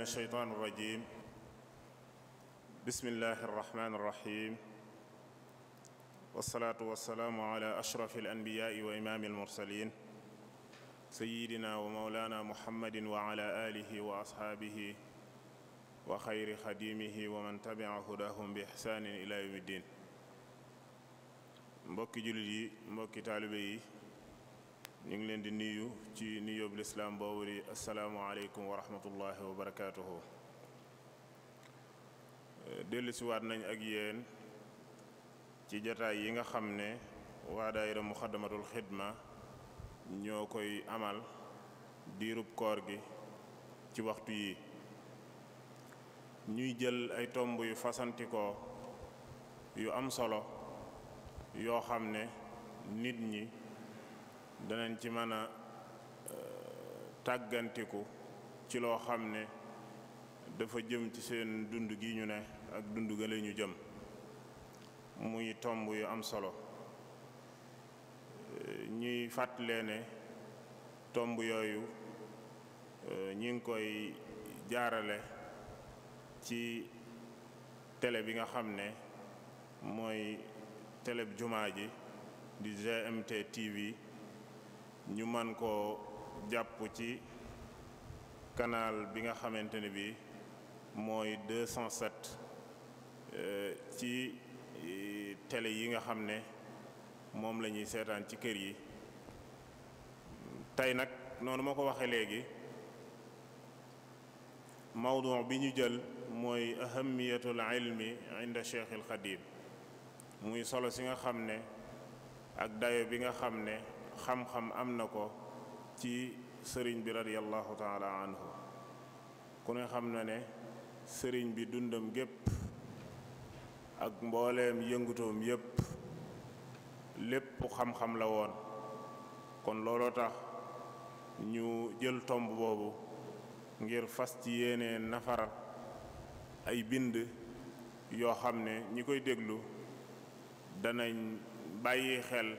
من الشيطان الرجيم بسم الله الرحمن الرحيم والصلاة والسلام على أشرف الأنبياء وإمام المرسلين سيدنا ومولانا محمد وعلى آله وأصحابه وخير خديمه ومن تبع هداهم بإحسان إلى يوم الدين مبكي جلدي مبكي mbokki ñu ngi leen di nuyu ci nuyoob lislaam boobu di asalaamualeykum wa rahmatullahi wa barakaatuhu dellusiwaat nañ ak yéen ci jataay yi nga xam ne waa daayira muxaddamatul xidma ñoo koy amal diirub koor gi ci waxtu yi ñuy jël ay tomb yu fasantikoo yu am solo yoo xam ne nit ñi danañ ci mën a euh, tàggantiku ci loo xam ne dafa jëm ci seen dund gi ñu ne ak dund ga la ñu jëm muy tomb yu am solo euh, ñuy fàttalee ne tomb yooyu euh, ñi ngi koy jaarale ci télé bi nga xam ne mooy télé jumaa ji di GMT TV ñu man koo jàpp ci kanaal bi nga xamante ne bi mooy 207 euh, ci euh, télé yi nga xam ne moom la ñuy seetaan ci kër yi tey nag noonu ma ko waxee léegi mawdu bi ñu jël mooy ahamiyatul ilmi inda Cheikh al Xadim muy solo si nga xam ne ak dayo bi nga xam ne xam-xam am na ko ci sëriñ bi radiyallahu taala anhu ku ne xam na ne sëriñ bi dundam gépp ak mbooleem yëngutoom yépp lépp xam-xam la woon kon looloo tax ñu jël tomb boobu ngir fas ci yéene nafar ay bind yoo xam ne ñi koy déglu danañ bàyyi xel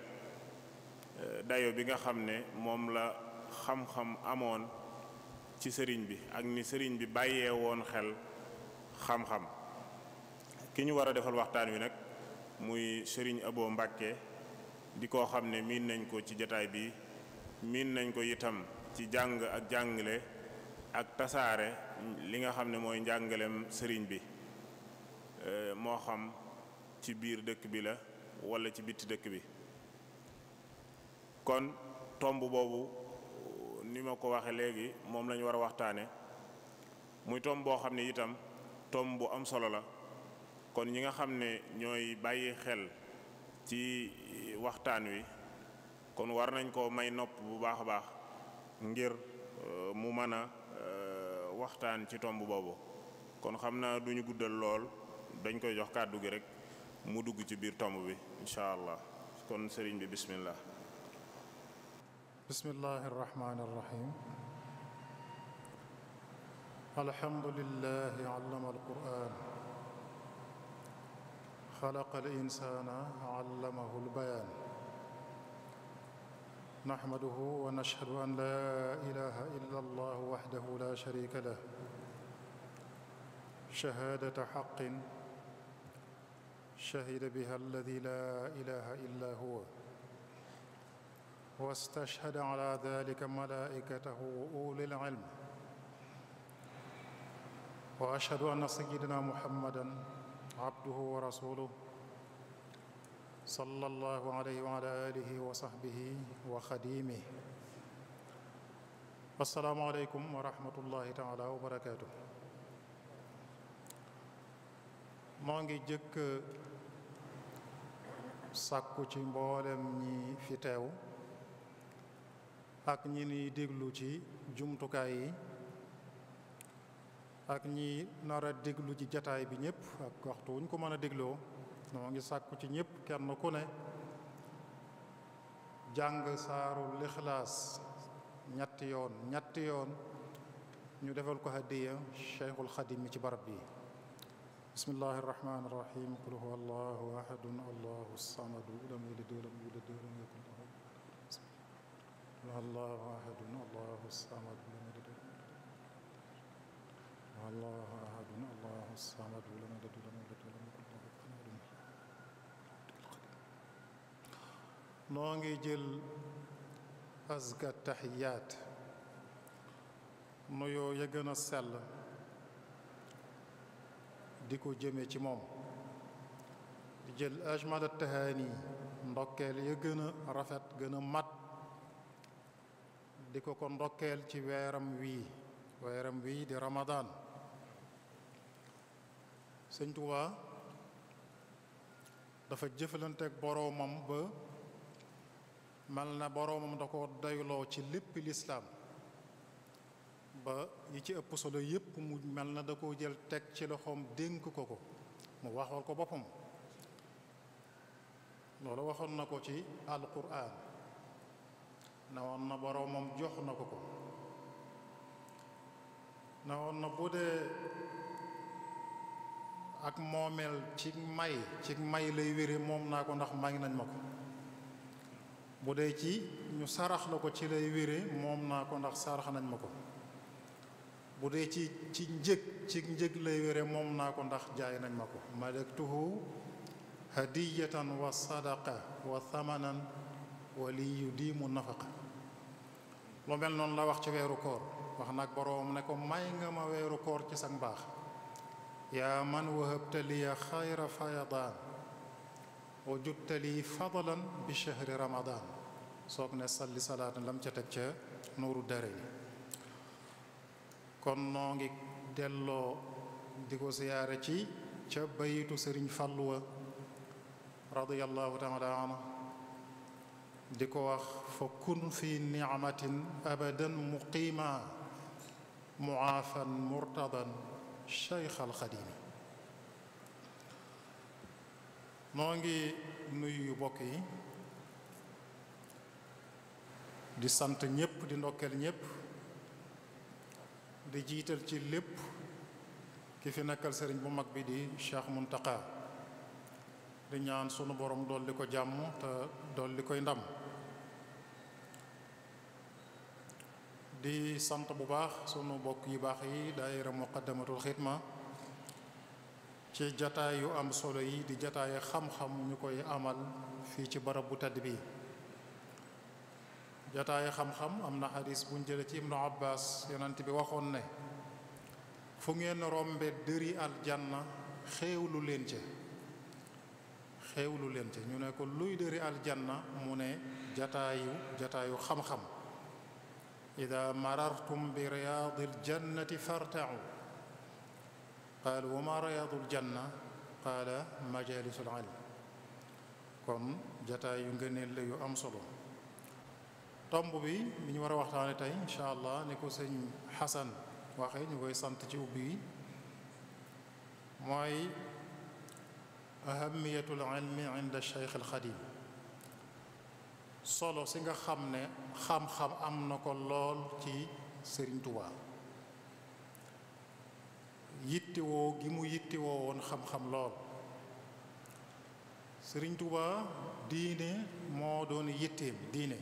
dayo bi nga xam ne moom la xam-xam amoon ci sëriñ bi ak ni sëriñ bi bàyyee woon xel xam-xam ki ñu war a defal waxtaan wi nag muy sëriñ aboo mbàkke di koo xam ne miin nañ ko ci jataay bi miin nañ ko itam ci jàng ak jàngle ak tasaare li nga xam ne mooy njàngaleem sëriñ bi moo xam ci biir dëkk bi la wala ci bitti dëkk bi kon tomb boobu ni ma ko waxe léegi moom la ñu war a waxtaane muy tomb boo xam ne itam tomb bu am solo la kon ñi nga xam ne ñooy bàyyi xel ci waxtaan wi kon war nañ ko may nopp bu baax a baax ngir euh, mu mën a euh, waxtaan ci tomb boobu kon xam naa duñu guddal lool dañ koy jox kàddu gi rek mu dugg ci biir tomb bi incha allah kon sëriñ bi bismillah بسم الله الرحمن الرحيم الحمد لله علم القرآن خلق الإنسان علمه البيان نحمده ونشهد أن لا إله إلا الله وحده لا شريك له شهادة حق شهد بها الذي لا إله إلا هو واستشهد على ذلك ملائكته أولي العلم وأشهد أن سيدنا محمدا عبده ورسوله صلى الله عليه وعلى آله وصحبه وخديمه السلام عليكم ورحمة الله تعالى وبركاته maa ngi ساكو sàkku ci mboolem ak ñi ni déglu ci jumtukaay yi ak ñi nar a déglu ci jataay bi ñëpp ak waxtu wuñ ko mën a dégloo noo ngi sàkku ci ñëpp kenn ku ne jàng saaru yoon yoon ñu defal ko hadiya cheikhul ci barab bi rahim qul allahu ahadun allahu samadu lam yalid walam walam الله أحد الله الصمد لم يلد الله أحد الله الصمد لم يلد ولم يولد ولم يكن له كفوا أحد نونغي جيل أزكى التحيات نويو يغنى السل ديكو جيمي تي موم جيل أجمل التهاني ndokkel ya gëna rafet gëna mat di ko ko ndokkeel ci weeram wii weeram wii di ramadaan sëñ Tuubaa dafa jëflanteek boroomam ba mel na boroomam da ko doyloo ci lépp lislaam ba yi ci ëpp solo yépp mu mel na da ko jël teg ci loxoom dénk ko ko mu waxool ko boppam loolu waxoon na ko ci alquran na woon na boroomam jox na ko ko nawoon na bu dee ak moomeel ci may ci may lay wére moom naa ko ndax may nañ ma ko bu dee ci ñu sarax la ko ci lay wére moom naa ko ndax sarax nañ ma ko bu dee ci ci njëg ci njëg lay wére moom naa ndax jaay nañ ma ko malaktuhu hadiyatan wa sadaqa wa thamanan wali yu diimu nafaqa lu mel noonu la wax ci weeru koor wax nag boroom ne ko may nga ma weeru koor ci sag mbaax yaa man wahabta liya xayra fayadaan wa jutta lii fadlan bi chahri ramadan soog ne salli salaatan lam ca teg ca nuuru dare yi kon noo ngi delloo di ko siyaare ci ca bayitu sëriñ fàlluwa radiyallahu taala di ko wax fa kun fi nicmatin abadan muqiima muaafan murtadan cheikh alxadimi noo ngi nuyu bokk yi di sant ñépp di ndokkeel ñépp di jiital ci lépp ki fi nekkal sëriñ bu mag bi di cheikh muntaqa di ñaan sunu borom dolli ko jàmm te dolli koy ndam di sant bu baax sunu bokk yu baax yi daayira muqaddamatul xidma ci jataayu am solo yi di jataay xam-xam koy amal fii ci barab bu bi jataay xam am na xadis buñ jëlee ci ibnu abbas yonent bi waxoon ne fu ngeen rombe dëri aljanna xéewlu leen leen ci ñu ne ko luy dëri aljanna mu ne jataayu jataayu xam-xam إذا مررتم برياض الجنة فارتعوا قال وما رياض الجنة قال مجالس العلم كم جتا يونغنيل يو ام سولو بي من وراء واخاني ان شاء الله نيكو سيغن حسن واخاي ني غوي سانت تي اوبي اهميه العلم عند الشيخ الخديم solo si nga xam ne xam-xam am na ko lool ci Serigne Touba yittewoo gi mu yittewoo woon xam-xam lool Serigne Touba diine moo doon yitteem diine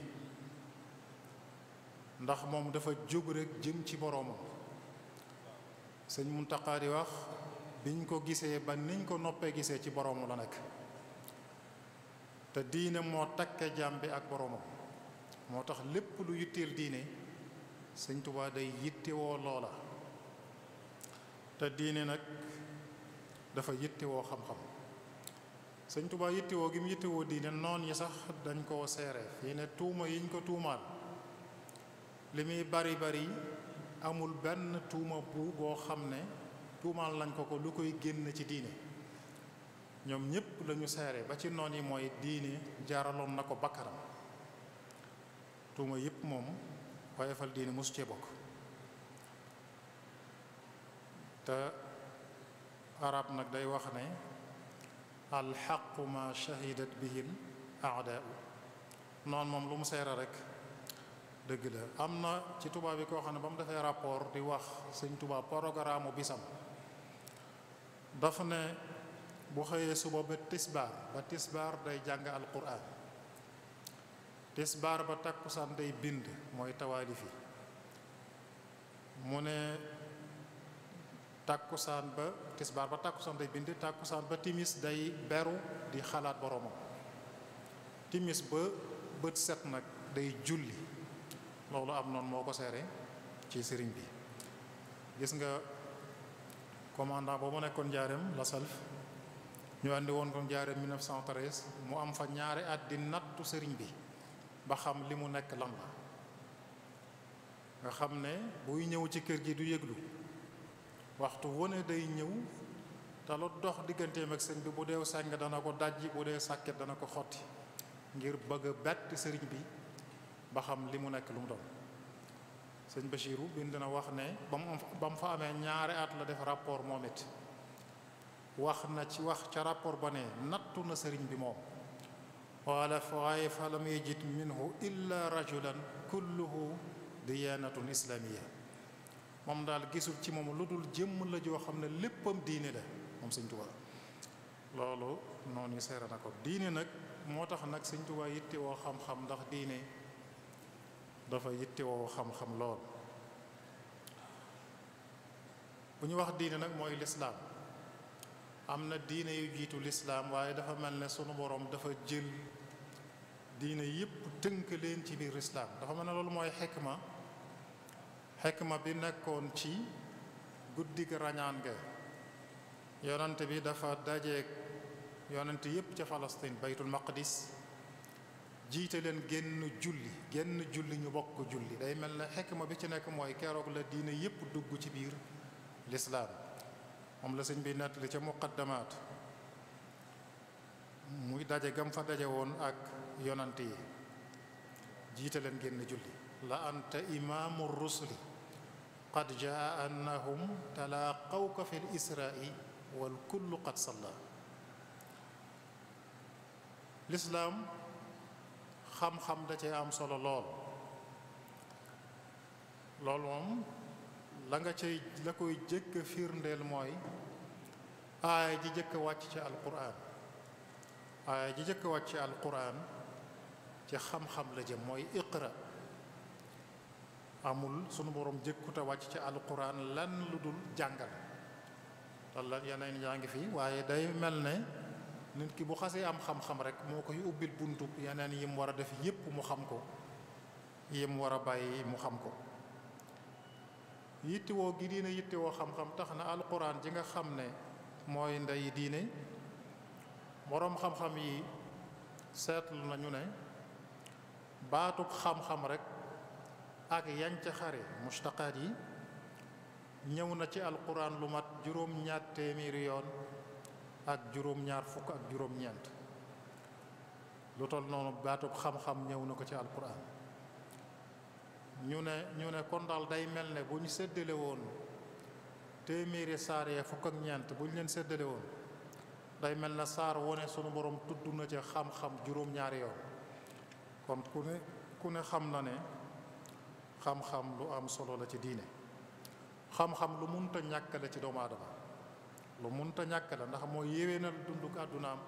ndax moom dafa jub rekk jëm ci boroomam sëñ Muntaqa di wax biñ ko gisee ba niñ ko noppee gisee ci boroomam la nekk te diine moo takke jaam bi ak boroomam moo tax lépp lu yitteel diine sëñ Tuubaa day yittewoo loola te diine nag dafa yittewoo xam-xam sëñ Tuubaa yittewoo gi mu yittewoo diine noon yi sax dañ koo seere fii ne tuuma yiñ ko tuumaal li muy bari bari amul benn tuuma bu boo xam ne tuumaal lañ ko ko lu koy génn ci diine ñom ñëpp lañu séré ba ci noon yi mooy diine jaaraloon nako bakaram bakkaram tuuma yëpp moom woyefal diine musu ci bok ta arab nak day wax ne al haqq ma shahidat bihim aadaau non mom lu mu séré rek deug la amna ci tuba bi ko xamne bam defé rapport di wax seigne tuba programme bisam dafa ne bu xëyee suba ba tisbaar ba tisbaar day jàng alquran tisbaar ba takkusaan day bind mooy tawaalif yi mu ne tàkkusaan ba tisbaar ba tàkkusaan day bind tàkkusaan ba timis day beru di xalaat boromam timis ba bët set nag day julli loolu am noonu moo ko seere ci sëriñ bi gis nga commandant ba mu nekkoon njaareem la ñu àndi woon ko jaaree 1913 mu am fa ñaari at di nattu sëriñ bi ba xam li mu nekk lan la nga xam ne buy ñëw ci kër gi du yëglu waxtu wane day ñëw te lu dox digganteem ak sëñ bi bu dee sàng dana ko dajji bu dee sàkket dana ko xotti ngir bëgg a bett sëriñ bi ba xam li mu nekk lu mu doon sëñ Bachiru bind na wax ne ba mu ba mu fa amee ñaari at la def rapport moo it wax na ci wax ca rapport ba ne nattu na sëriñ bi moom qaala waaye fa lam yajid minhu illa rajulan kulluhu diyanatun islamiya moom daal gisul ci moom lu dul jëmm la joo xam ne léppam diine la moom sëñ Tuubaa loolu noonu seera na ko diine nag moo tax nag sëñ Tuubaa yitte woo xam-xam ndax diine dafa yitte woo xam-xam lool bu ñu wax diine nag mooy lislaam am na diine yu jiitu lislaam waaye dafa mel ne sunu boroom dafa jël diine yëpp tënk leen ci biir lislaam dafa mel na loolu mooy xikma xikma bi nekkoon ci guddi ga rañaan ga yonent bi dafa dajeek yonent yëpp ca Palestine baytul maqdis jiite leen genn julli génn julli ñu bokk julli day mel ne xikma bi ci nekk mooy keroog la diine yëpp dugg ci biir lislaam moom la sëñ bi nettali ca muqaddamaat muy daje gam fa daje woon ak yonant yi jiite leen génn julli la anta imaamu rusli qad jaa annahum talaaqawka fi l israai wal kullu qad salla lislaam xam-xam da cee am solo lool loolu moom la nga cay la koy jëkk firndeel mooy aaya ji jëkk wàcc ci alquran aaya ji jëkk wàcc ci ci xam-xam la jëm mooy iqra amul sunu borom jëkkuta wàcc ci alquran lan lu dul jàngal walla yeneen yaa ngi fi waaye day mel ne nit ki bu xasee am xam-xam rek moo koy ubbil buntu yeneen yim war a def yépp mu xam ko yim war a bàyyi mu xam ko yittewoo gi diine yittewoo xam-xam tax na alquran ji nga xam ne mooy ndey diine moroom xam-xam yi seetlu nañu ne baatub xam-xam rek ak yanca xare mustaqaat yi ñëw na ci alquran lu mat juróom-ñaar téeméeri yoon ak juróom-ñaar fukk ak juróom-ñeent lu toll noonu baatub xam-xam ñëw na ko ci alquran ñu ne ñu ne kon daal day mel ne bu ñu séddale woon téeméeri saar ya fukk ak ñeent bu ñu leen séddale woon day mel na saar wone sunu boroom tudd na ca xam-xam juróom-ñaari yoon kon ku ne ku ne xam na ne xam-xam lu am solo la ci diine xam-xam lu munta ñàkk la ci doomu aadama lu munta ñàkk la ndax moo yéwénal dunduk àddunaam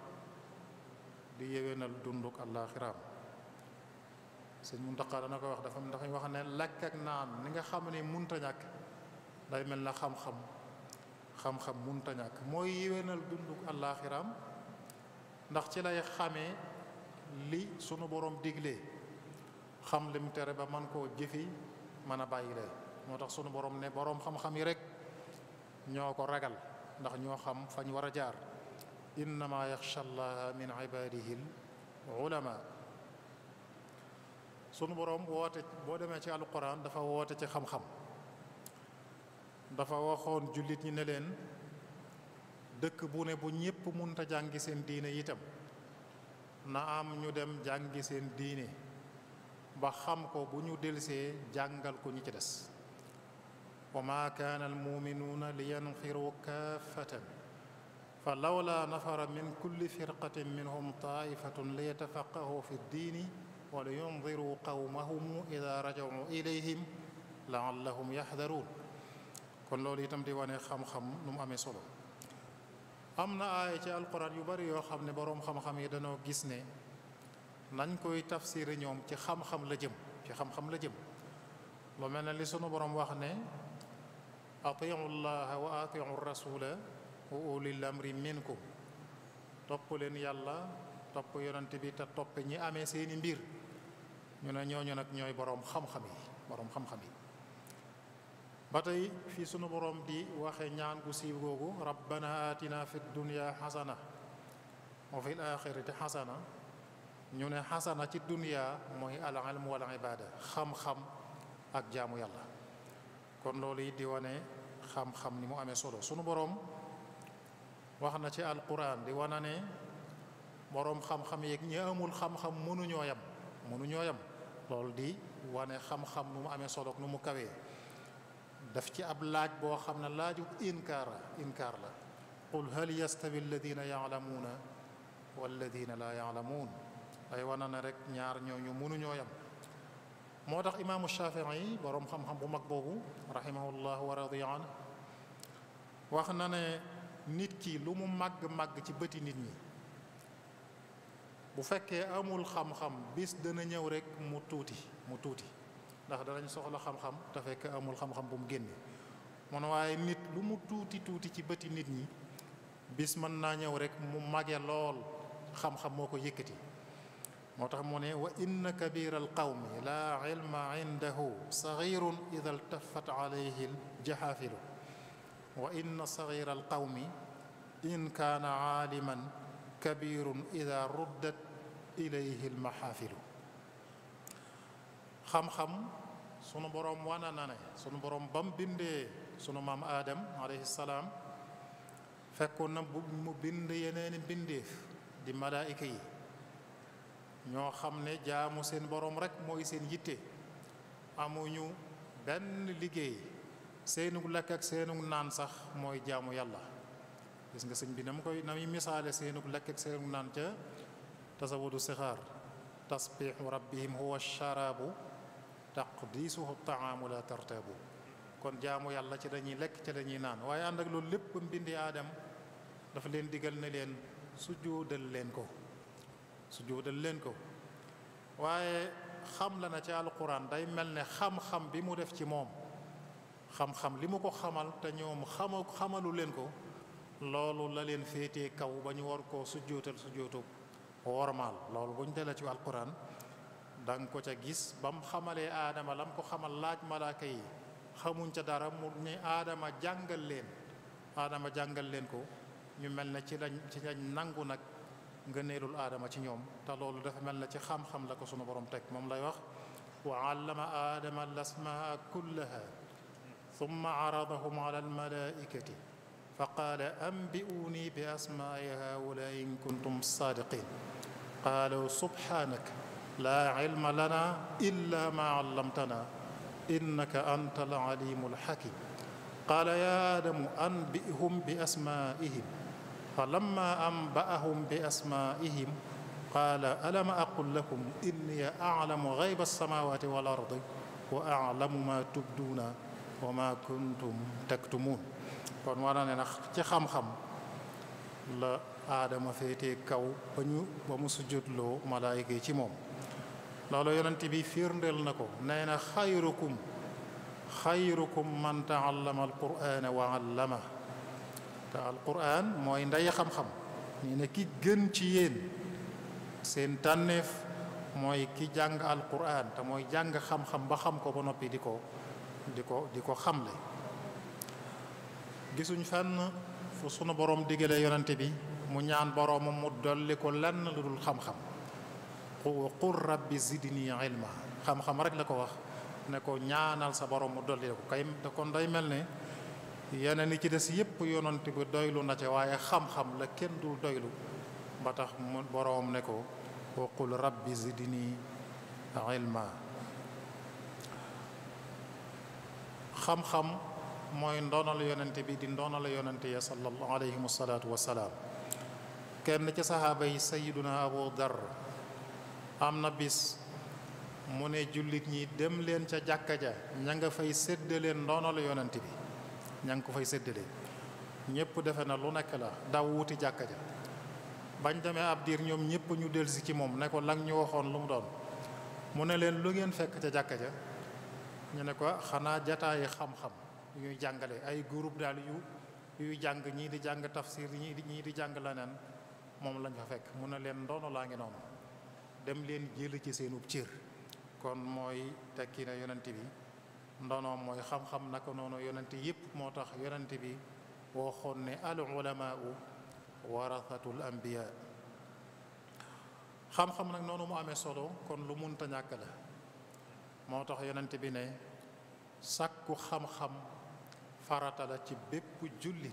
di yéwénal dunduk àllaaxiraam sëñ Muntaxa dana koy wax dafa dafa wax ne lekk ak naan ni nga xam ne munta ñàkk day mel na xam-xam xam-xam munta ñàkk mooy yéwénal dundu àllaaxiraam ndax ci lay xamee li sunu borom digle xam lim tere ba man koo jëfi mën a bàyyi lee moo tax sunu borom ne borom xam-xam yi rek ñoo ko ragal ndax ñoo xam fañ war a jaar innama yaxsha allaha min ibadihi l ulama sunu boroom woote boo demee ci alquran dafa woote ci xam-xam dafa waxoon jullit ñi ne leen dëkk bu ne bu ñépp munta jàngi seen diine itam na am ñu dem jàngi seen diine ba xam ko bu ñu delsee jàngal ko ñi ci des wa maa kaana almuminuuna li yanfiru kaafatan fa lawla nafara min kulli firqatin minhum taifatun li yatafaqahu fi ddiini ولينذروا قومهم إذا رجعوا إليهم لعلهم يحذرون كن لولي تم ديواني خم خم نم أمي صلو أمنا آية القرآن يبري يخم نبروم خم خم يدنو جسني نان كوي نيوم تي خم خم لجم تي خم خم لجم لمن اللي سنو بروم وخني أطيعوا الله وأطيعوا الرسول وأولي الأمر منكم topulen yalla top yonent bi ta top ñi amé seeni mbir ñu ne ñooñu nag ñooy boroom xam-xam yi boroom xam yi ba tey fii sunu boroom di waxe ñaan gu siiw googu rabbana atina fi dunya xasana wa fi l xasana ñu ne xasana ci dunya mooy al ilm wal ibada xam-xam ak jaamu yàlla kon loolu it di wane xam-xam ni mu amee solo sunu boroom wax na ci alquran di wana ne boroom xam-xam yeeg ñi amul xam-xam mënuñoo yam mënuñoo yam loolu di wane xam-xam nu mu amee solo nu mu kawee daf ci ab laaj boo xam ne laaju inkaara inkaar la qul hal yastawi alladina yaalamuuna walladina laa yaalamuun day wane ne rek ñaar ñooñu mënuñoo yam moo tax imaamu Shafii boroom xam-xam bu mag boobu rahimahullah wa radiya an wax na ne nit ki lu mu màgg-màgg ci bëti nit ñi bu fekke amul xam-xam bis dana ñëw rek mu tuti mu tuti ndax danañ soxla xam-xam ta fekke amul xam-xam bu mu genn mon waye nit lu mu tuti tuti ci beuti nit ñi bis man na ñëw rek mu magge lol xam-xam moko yekati motax moné wa inna kabira al qawmi la ilma indahu saghirun ida altafat alayhi jaxaafilu wa inna saxira al qawmi in kana aliman كبير إذا ردت إليه المحافل xam-xam sunu borom wana na ne sunu borom bam bindee sunu maam aadam alayhi salaam fekkoon na bu mu bind yeneeni bindeef di malaayika yi ñoo xam ne jaamu seen borom rek mooy seen yitte amuñu benn liggéey seenu lekk ak seenu naan sax mooy jaamu yàlla gis nga sëñ bi na mu koy na muy misaale seenug lekk ak seenug naan ca tasawudu sixaar tasbihu rabbihim huwa sharabu taqdisuhu taamu la tartabu kon jaamu yàlla ci dañuy lekk ca dañuy naan waaye ànd ak loolu lépp mbindi aadam dafa leen digal ne leen sujjóodal leen ko sujjóodal leen ko waaye xam la na ci alquran day mel ne xam-xam bi mu def ci moom xam-xam li ko xamal te ñoom xama xamalu leen ko loolu la leen féetee kaw ba ñu war koo sujjootal sujjootub wormaal loolu bu dela ci alquran dang ko ca gis bam mu xamalee aadama lam ko xamal laaj malaaka yi xamuñ ca dara mu ne aadama jàngal leen aadama jàngal leen ko ñu mel ne ci lañ ci lañ nangu nag nga neelul aadama ci ñoom te loolu dafa mel ne ci xam-xam la ko sunu borom teg moom lay wax wa allama aadama lasmaa kullaha ثم عرضهم على الملائكه فقال أنبئوني بأسماء هؤلاء إن كنتم صادقين قالوا سبحانك لا علم لنا إلا ما علمتنا إنك أنت العليم الحكيم قال يا آدم أنبئهم بأسمائهم فلما أنبأهم بأسمائهم قال ألم أقل لكم إني أعلم غيب السماوات والأرض وأعلم ما تبدون وما كنتم تكتمون kon war na ci xam-xam la aadama féetee kaw ba ñu ba mu sujjutloo malaayika yi ci moom loolu yonent bi firndeel na ko nee na xayrukum xayrukum man taallama alqur'ana wa allama mooy ndey xam-xam nee na ki gën ci yéen seen tànneef mooy ki jàng alquran te mooy jàng xam-xam ba xam ko ba noppi di ko di ko di ko xamle gisuñ fenn fu sunu boroom diggalee yonante bi mu ñaan boroomam mu dolli ko lenn lu dul xam-xam qul rabbi zidni ilma xam-xam rek la ko wax ne ko ñaanal sa borom mu dolli ko kay te kon day mel ne yeneen yi ci des yépp yonante bi doylu na ca waaye xam-xam la kenn dul doylu ba tax mu boroom ne ko qul rabbi zidni ilma xam-xam mooy ndoonal yonente bi di ndoonal yonente ya sallallahu alayhi wa salaatu wa salaam kenn ca saxaaba yi sayiduna abu dar am na bis mu ne jullit ñi dem leen ca jàkka ja ña nga fay séddaleen ndoonal yonente bi ña nga ko fay séddalee ñépp defe na lu nekk la daw wuti jàkka ja bañ demee ab diir ñoom ñépp ñu delsi ci moom ne ko lan ñu waxoon lu mu doon mu ne leen lu ngeen fekk ca jàkka ja ñu ne ko xanaa jataay xam-xam yuy jàngale ay groupe daal yu yuy jàng ñii di jàng tafsir ñii di ñii di jàng moom lañ fa fekk mun na leen ndono laa ngi noonu dem leen jël ci seenub cër kon mooy tekki na yonent bi ndono mooy xam-xam naka noonu yonent moo tax yonent bi waxoon ne al ulamaau warathatul anbiya xam-xam nag noonu mu amee solo kon lu munta ñàkk la moo tax yonent bi ne sàkku xam-xam farata la ci bépp jullit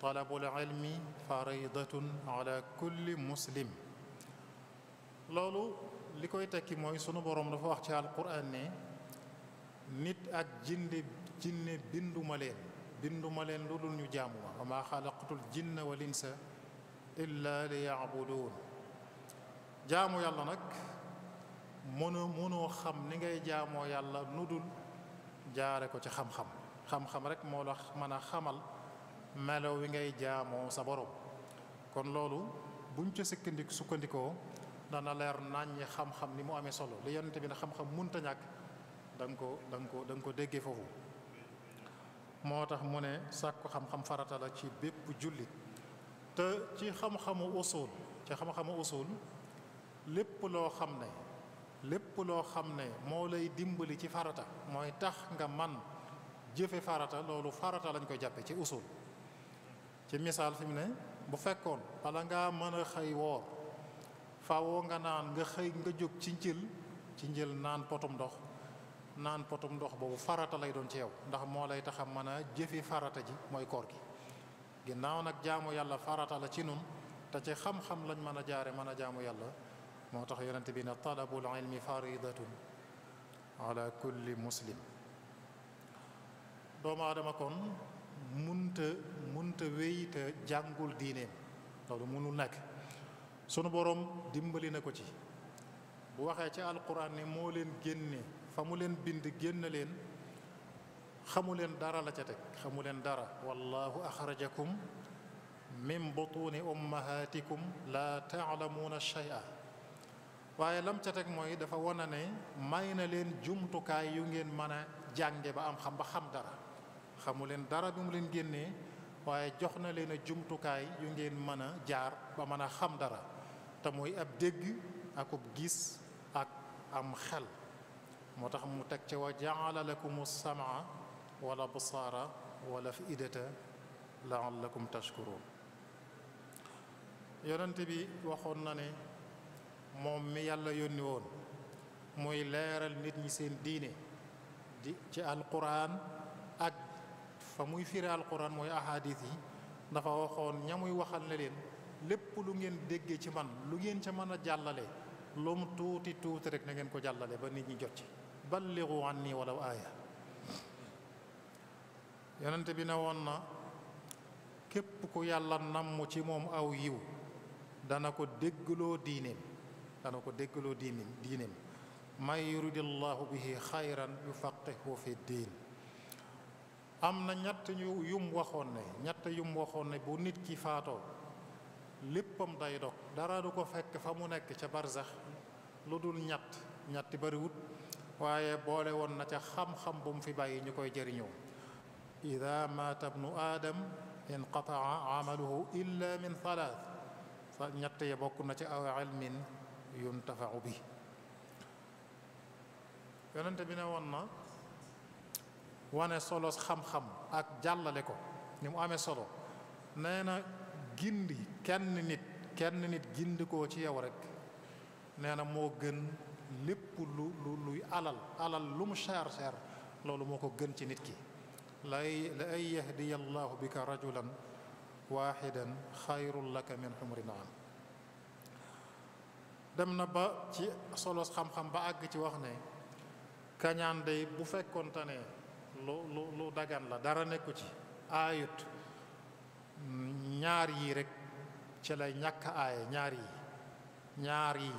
talabul ilmi faridatun ala kulli muslim loolu li koy tekki mooy sunu boroom dafa wax ci alquran ne nit ak jinde jinne binduma leen binduma leen lu dul ñu jaamu ma wa maa jinna wal insa illa li yaabuduun jaamu yàlla nag mënu mënoo xam ni ngay jaamoo yàlla nu jaare ko ci xam-xam xam-xam rek moo la mën a xamal melo wi ngay jaamoo sa borom kon loolu buñ ci sukkandik sukkandikoo dana leer nàññi xam-xam ni mu amee solo li yonente bi ne xam-xam munta ñàkk da nga ko da nga ko déggee foofu moo tax mu ne sàkku xam-xam farata la ci bépp jullit te ci xam ci xam-xamu usul lépp loo xam ne lépp loo xam ne moo lay dimbali ci farata mooy tax nga man jëfe farata loolu farata lañ koy jàppe ci usul ci misaal fi mu ne bu fekkoon bala ngaa mën a xëy woor fawoo nga naan nga xëy nga jóg ci njël ci njël naan potum ndox naan potum ndox boobu farata lay doon ci yow ndax moo lay tax a mën a jëfi farata ji mooy koor gi ginnaaw nag jaamu yàlla farata la ci nun te ci xam-xam lañ mën a jaare mën a jaamu yàlla moo tax yonent bi ne talabul ilmi faridatun ala kulli muslim doomu aadama kon munta munta wéy te jàngul diineem loolu mënul nekk sunu borom dimbali na ko ci bu waxee ci alquran ne moo leen génne fa mu leen bind génn leen xamu leen dara la ca teg xamu leen dara wallahu axrajakum min butuni ummahatikum la taalamuuna shay'a waaye lam ca teg mooy dafa wana ne may na leen jumtukaay yu ngeen mën a jànge ba am xam ba xam dara xamu dara bi mu leen génnee waaye jox na leen a jumtukaay yu ngeen mën jaar ba mën xam dara ta moy ab dégg akub gis ak am xel motax mu tek ci wa jaala lakum samaa wala absaara wala afidata laallakum tashkurun yonent bi waxon na ne mom mi yàlla yoni won moy leral nit ñi seen diine ci alquran fa muy firi alquran mooy ahadis yi dafa waxoon ña waxal ne leen lépp lu ngeen déggee ci man lu ngeen ca mën a jàllale lu tuuti tuuti rek na ngeen ko jàllale ba nit ñi jot ci balligu anni walaw aaya yonente bi ne woon na képp ko yàlla namm ci moom aw yiw dana ko déggloo diineem dana ko déggloo diineem diineem man yuridillahu bihi xayran yufaqihu fi diin amna ñatt ñu yum waxon ne ñatt yum waxon ne bu nit ki faato léppam day dog dara du ko fekk fa mu nekk ca barzax lu ñatt ñett ñetti bariwut waaye boole won na ca xam-xam bu mu fi bàyyi ñukoy jeriñu idha ida maata adam aadam inqataa amaluhu illa min thalath fa ñatt ya bokku na ci aw ilmin yuntafau bi yonante bi ne woon na wane solo xam-xam ak jàllale ko ni mu amee solo nee na gindi kenn nit kenn nit gindi koo ci yow rek nee na moo gën lépp lu lu luy alal alal lu mu cher cher loolu moo ko gën ci nit ki lay la ay yahdiya bika rajulan waaxidan xayrun laka min xumri naam dem na ba ci solos xam-xam ba àgg ci wax ne kañaan day bu lu lu lu dagan la dara nekku ci aayut ñaar yi rek ci lay ñàkk aaye ñaar yi ñaar yi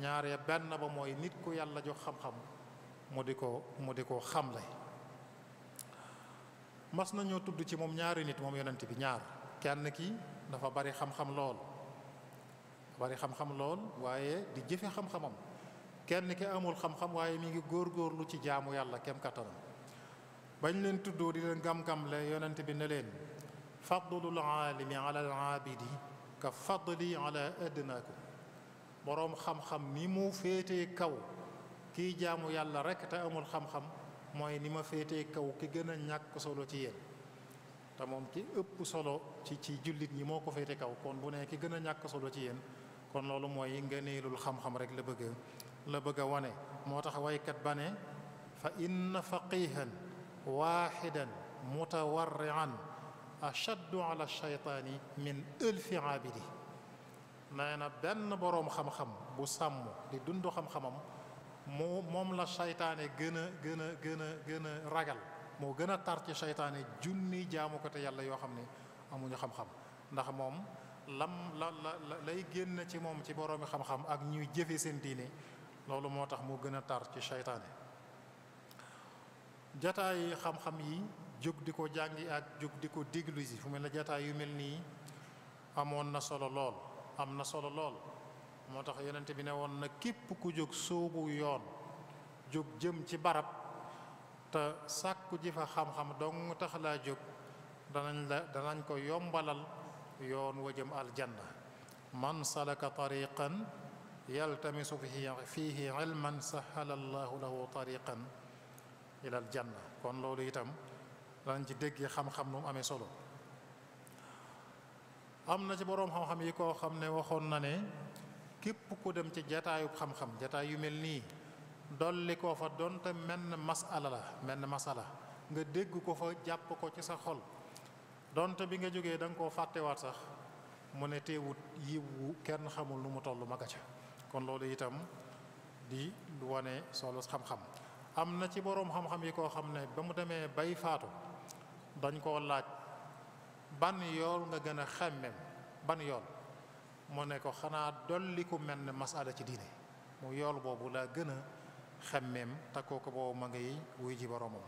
ñaar benn ba mooy nit ku yàlla jox xam-xam mu di ko mu di ko xamle mas nañoo tudd ci moom ñaari nit moom yonent bi ñaar kenn ki dafa bari xam-xam lool bari xam-xam lool waaye di jëfe xam-xamam kenn ki amul xam-xam waaye mi ngi góor-góorlu ci jaamu yàlla kem kattanam bañ leen tuddoo di leen gam-gamle yonent bi ne leen fadlul aalimi ala alaabidi ka fadli ala adnaakum boroom xam-xam ni mu féetee kaw kiy jaamu yàlla rek te amul xam-xam mooy ni ma féetee kaw ki gën a ñàkk solo ci yéen te moom ki ëpp solo ci ci jullit ñi moo ko féete kaw kon bu ne ki gën a ñàkk solo ci yéen kon loolu mooy ngëneelul xam-xam rek la bëgg la bëgg a wane moo tax waykat ba ne fa inna faqihan واحدا متورعا اشد على الشيطان من الف عابده نانا بن بروم خم خم بو سامو دي دوندو خم خمم مو موم لا شيطان غنا غنا غنا غنا راغال مو غنا تارت شيطان جوني جامو كوتا يالا يو خامني امو ني خم خم ناخ موم لام لا لا لاي ген تي موم تي بروم خم خم اك ني جيفي سين ديني لولو موتاخ مو غنا تارت شيطان jotaay xam-xam yi jóg diko jàngi ak jóg diko déglu fu mel jotaay yu melni nii na solo lol am solo lol motax yonent bi newon na kep ku jóg soobu yoon jóg jëm ci barab ta sàkku jifa xam-xam dong tax la jóg danañ la danañ ko yombalal yoon wa jëm aljanna man salaka tariqan yaltamisu fihi fihi ilman sahala allahu lahu tariqan ilal janna kon loolu itam danañ ci déggee xam-xam nu mu amee solo am na ci boroom xam-xam yi koo xam ne waxoon na ne képp ku dem ci jataayu xam-xam jataay yu mel nii dolli koo fa donte menn masala la menn masala nga dégg ko fa jàpp ko ci sa xol donte bi nga jógee danga nga koo fàttewaat sax mu ne teewut yiwu kenn xamul nu mu toll maga ca kon loolu itam di wane solo xam-xam am na ci boroom xam-xam yi koo xam ne ba mu demee bay faatu dañ koo laaj ban yool nga gën a xemmem ban yool mu ne ko xanaa dolli ku mel ne masala ci diine mu yool boobu laa gën a xemmeem te kooku boobu ma ngay wuy ji boroomam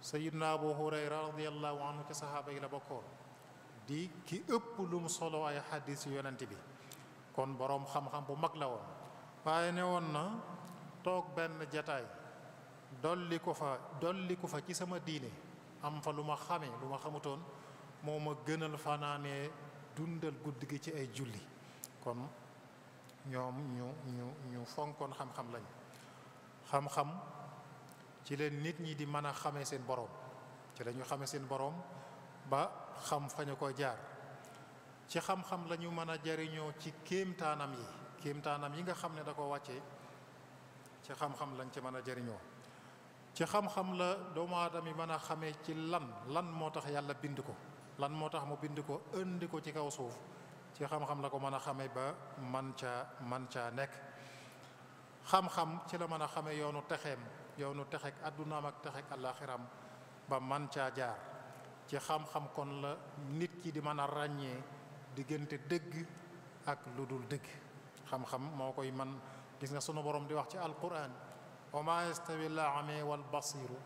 sayidna abu hurayra radiallahu anhu ci saxaaba yi la bokkoon di ki ëpp lu mu solo ay xadis yonent bi kon boroom xam-xam bu mag la woon waaye ne woon na toog benn jataay dolli ko fa dolli ko fa ci sama diine am fa lu ma xamee lu ma xamutoon moo ma gënal fanaanee dundal guddi gi ci ay julli kon ñoom ñu ñu ñu fonkoon xam-xam lañ xam-xam ci leen nit ñi di mën a xame seen boroom ci la ñu xamee seen boroom ba xam fa ñu ko jaar ci xam-xam la mën a jariñoo ci kéemtaanam yi kéemtaanam yi nga xam ne da ko wàccee ci xam-xam lañ ci mën a jariñoo ci xam-xam la doomu aadama yi mën a xame ci lan lan moo tax yàlla bind ko lan moo tax mu bind ko indi ko ci kaw suuf ci xam-xam la ko mën a xamee ba man caa man caa nekk xam-xam ci la mën a xamee yoonu texeem yoonu texek addunaam ak texek àllaaxiram ba man caa jaar ci xam-xam kon la nit ki di mën a ràññee diggante dëgg ak lu dul dëgg xam-xam moo koy man gis nga sunu borom di wax ci alquran wa ma yastawi laame wal basiru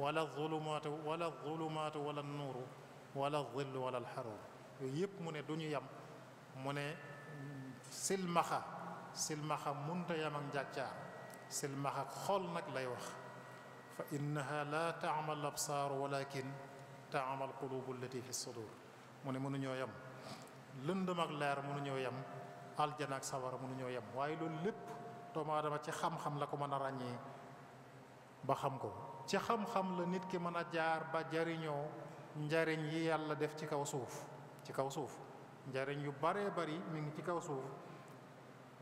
wala zulumaatu wala zulumaatu wala nuuru wala zillu wala alxaruur yooyu yëpp mu ne du ñu yem mu ne silmaxa silmaxa munta yem ak njàccaar silmaxa xol nag lay wax fa innaha la taama al absaar walakin taama al qulubu allati fi sudur mu ne mënuñoo yem lëndëm ak leer mënuñoo yem aljana ak sawara mënuñoo yem waaye loolu lépp doomu aadama ci xam-xam la ko mën a ràññee ba xam ko ci xam-xam la nit ki mën a jaar ba jariñoo njariñ yi yàlla def ci kaw suuf ci kaw suuf njariñ yu baree bari mi ngi ci kaw suuf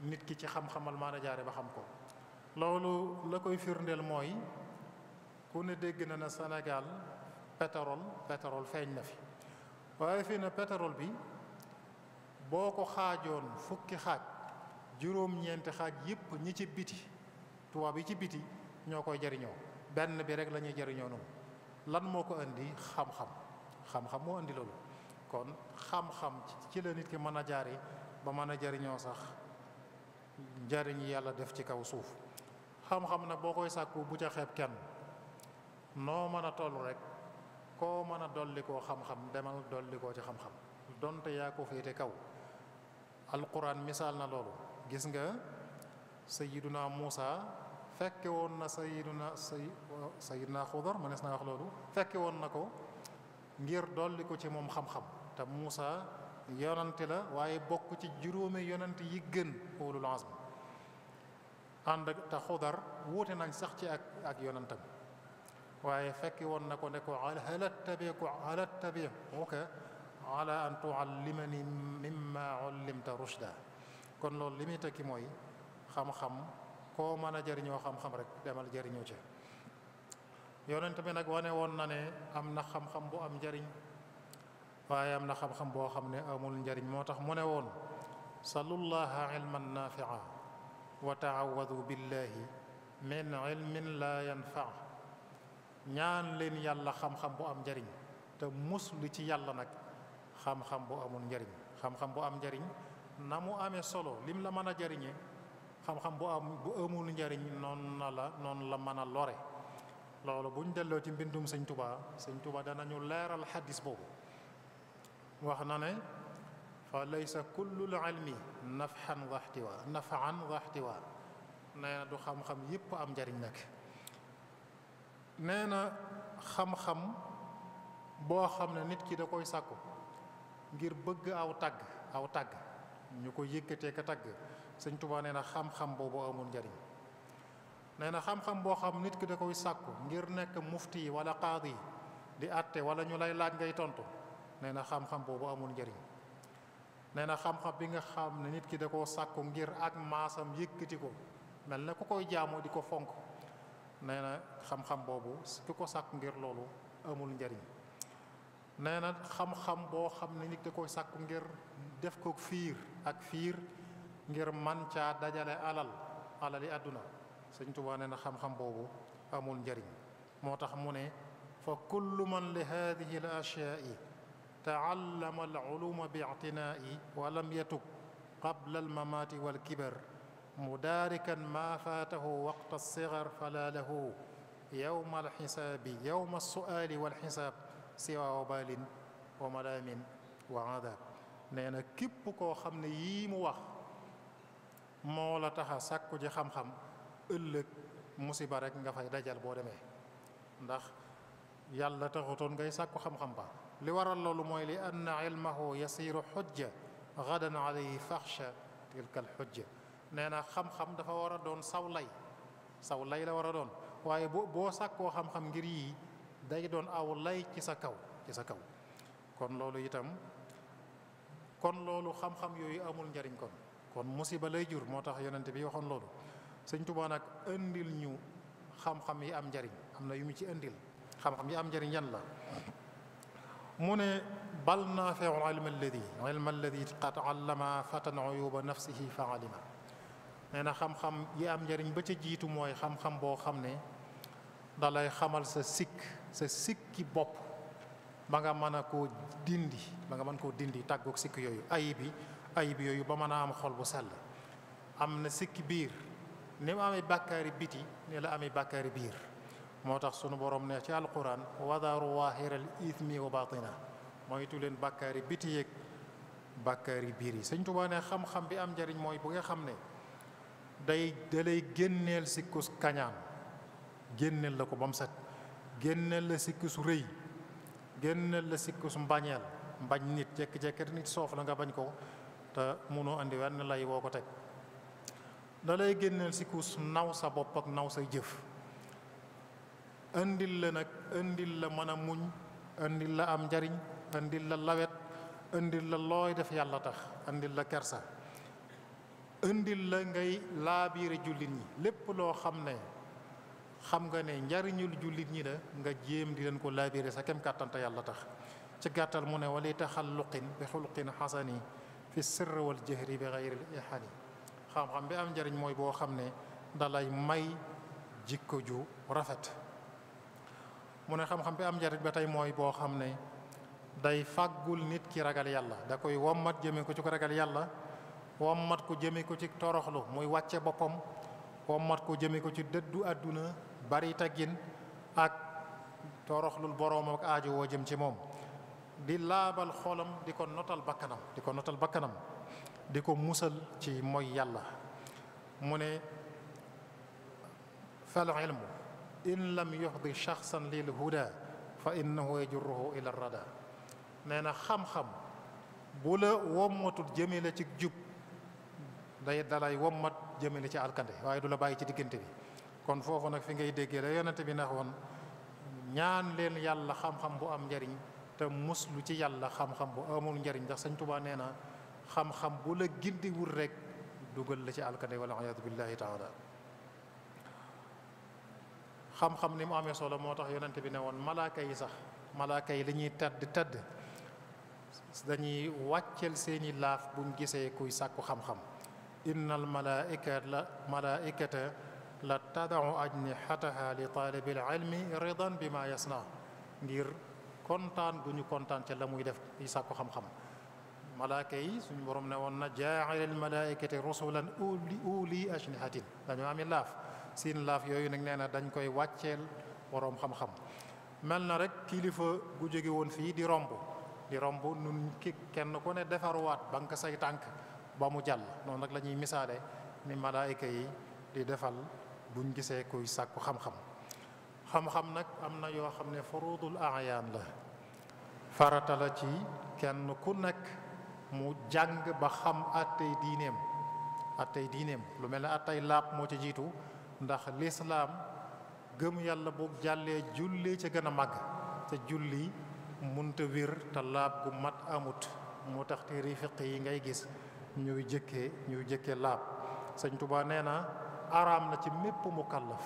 nit ki ci xam-xamal mën a jaare ba xam ko loolu la koy firndeel mooy ku ne dégg na na Sénégal pétrole pétrole feeñ na fi waaye fii na pétrole bi boo ko xaajoon fukki xaaj juróom-ñeenti xaaj yépp ñi ci biti tubaab yi ci biti ñoo koy jariñoo benn bi rek lañuy ñuy jariñoo noonu lan moo ko indi xam-xam xam-xam moo indi loolu kon xam-xam ci la nit ki mën a jaari ba mën a jariñoo sax njariñ yàlla def ci kaw suuf xam-xam nag boo koy sàkku bu ca xeeb kenn noo mën a toll rek koo mën a dollikoo xam-xam demal dollikoo ci xam-xam donte yaa ko féete kaw alquran misaal na loolu gis nga sayiduna Muusa fekke woon na sayiduna say sayiduna Xudar mënees na wax loolu fekke woon na ko ngir dolli ko ci moom xam-xam te Muusa yonante la waaye bokk ci juróomi yonante yi gën ulul azm ànd ak Xudar wuute nañ sax ci ak ak yonantam waaye fekki woon na ko ne ko hal attabi'uka hal attabi'uka ala an tu'allimani mimma 'allamta rushda kon lool limi muy tekki mooy xam-xam ko mën a jëriñoo xam-xam rek demal jëriñoo ca yonent bi nag wane woon na ne am na xam-xam bu am njariñ waaye am na xam-xam boo xam ne amul njariñ moo tax mu ne woon salullaha ilman nafia wa taawadu billahi min ilmin la yanfa ñaan leen yàlla xam-xam bu am njariñ te muslu ci yàlla nag xam-xam bu amul njariñ xam-xam bu am njariñ namu amé solo lim la mën a jariñe xam-xam bu am bu amul njariñ non na la non la mën lore loolu buñ delloo ci mbindum sëñ Tuubaa sëñ da nañu léral hadith bobu wax na ne fa laysa al ilmi wa ihtiwa nafaan wa ihtiwa na du xam-xam yépp am njariñ nak nee na xam-xam bo xamné nit ki da koy sàkku ngir bëgg aw tag aw tag ñu ko yëkkatee ko tagg sëñ Tuubaa nee na xam-xam boobu amul njariñ nee na xam-xam boo xam nit ki da koy sàkku ngir nekk mufti yi wala qaadi yi di àtte wala ñu lay laaj ngay tontu nee na xam-xam boobu amul njariñ nee na xam-xam bi nga xam ne nit ki da koo sàkku ngir ak maasam yëkkati ko mel na ku koy jaamoo di ko fonk nee na xam-xam boobu ki ko sàkku ngir loolu amul njariñ nee na xam-xam boo xam ne nit da koy sàkku ngir def ko fiir ak fiir ngir man caa dajale alal alali àdduna sëñ Tuubaa nee na xam-xam boobu amul njariñ moo tax mu ne fa kullu man li hadihi al ashyaai taallama al uluma bi ictinaai wa lam yatub qabla al mamaati wal kibar mudaarikan ma faatahu waqta alsigar fala lahu yowma alxisaabi yowma alsuaali walxisaab سوى وبال وملام وعذاب wa كيب كو خامني يي مو واخ مولا yii ساكو جي خام خام taxa sàkku ji ëllëg musiba rek nga fay dajal boo demee ndax yàlla taxutoon ngay sàkku xam-xam ba li waral loolu mooy li anna ilmahu yasiru xujja gadan alayhi faxsha tilka alxujja nee na xam-xam dafa war a doon saw lay saw lay la war a doon waaye boo boo sàkkoo xam-xam ngir yii day doon aw lay ci sa kaw ci sa kaw kon loolu itam kon loolu xam-xam yooyu amul njariñ kon kon musiba lay jur moo tax yonent bi waxoon loolu sëñ Tuubaa nag indil ñu xam-xam yi am njariñ am na yu mu ci indil xam-xam yi am njariñ yan la mu ne bal naafiu ilm alladi ilm alladi qad allama fatan uyuba nafsihi fa alima nee na xam-xam yi am njariñ ba ca jiitu mooy xam-xam boo xam ne da lay xamal sa sik sa sikki bopp ba nga manako dindi ba nga dindi tagok sik yoyu ayibi ayibi yoyu ba mën am xol bu sell amna sik biir ni mu amee biti ne la amé bakari biir motax sunu borom ne ci alquran wadaru waahiral ithmi wa batina moytu leen bakari biti yek bakari biir seigne touba ne xam-xam bi am jariñ moy bu nga xamne day dalay gennel sikus kanyam génneel la ko ba mu set génneel la sikku su reuy génneel la sikku su mbagnel mbagn nit jek jek nit sof la nga bañ ko te mënoo andi wenn lay woo tek dalay la sikku su naw sa bop ak naw sa jëf andil la nak andil la mën muñ andil la am jariñ andil la lawet andil la loy def yalla tax andil la kersa andil la ngay laabiire jullit ñi lepp lo xamne xam nga ne njariñul jullit ñi la nga jéem di leen ko laabiré sa kem kàttante yàlla tax ci gàttal mu ne wali taxalluqin bi xulqin xasani fi sirr wal jahri bi xayril ihani xam-xam bi am njariñ mooy boo xam ne dalay may jikko ju rafet mu ne xam-xam bi am njariñ ba tey mooy boo xam ne day fàggul nit ki ragal yàlla da koy wommat jëme ko ci ko ragal yàlla wommat ko jëme ko ci toroxlu muy wàcce boppam wommat ko jëme ko ci dëddu aduna bari tagin ak torox toroxlul borom ak aaju wo jëm ci mom di labal xolam diko notal bakanam diko notal bakanam diko musal ci moy yàlla mune fal ilmu in lam yuhdi shakhsan lil huda fa innahu yajruhu ila rada neena xam-xam bu la wommatul jëme la ci jub day dalay wommat jëmale ci alkande waaye du la bàyyi ci diggante bi kon foofu nag fi ngay déggee la yonente bi ndax woon ñaan leen yàlla xam-xam bu am njariñ te lu ci yàlla xam-xam bu amul njariñ ndax sëñ Tuubaa nee na xam-xam bu la gindiwul rek dugal la ci alkande wala ayaatu billahi taala xam-xam ni mu amee solo moo tax yonente bi ne woon malaaka yi sax malaaka yi la ñuy tëdd tëdd wàccel seeni laaf buñ gisee kuy sàkku xam-xam إن الملائكة ملائكة لا تدع أجنحتها لطالب العلم رضا بما يصنع غير كونتان دوني كونتان تلا موي ديف دي ساكو خام خام ملائكة يي سوني بروم نيوون جاعل الملائكة رسولا أولي أولي أجنحت لا نيو أمي لاف سين لاف يوي نك نينا دنج كوي واتيل بروم خام خام ملنا رك كيليفا غوجيغي وون في دي رومبو دي رومبو نون كي كين كو ني ديفار وات بانك سايتانك ba mu jàll non nak lañuy misalé ni malaika yi di defal buñu gisé koy sàkku xam-xam xam-xam nak amna yo xamné furudul a'yan la farata la ci kenn ku nekk mu jàng ba xam atay dinem atay dinem lu mel atay lap mo ci jitu ndax l'islam gëm yàlla bu jalle julli ci gëna mag te julli munta wir ta lap gu mat amut motax tax rifiqi ngay gis ñuy jëkke ñuy jëkke laab sëñ Tuba nee na araam na ci mépp mu kallaf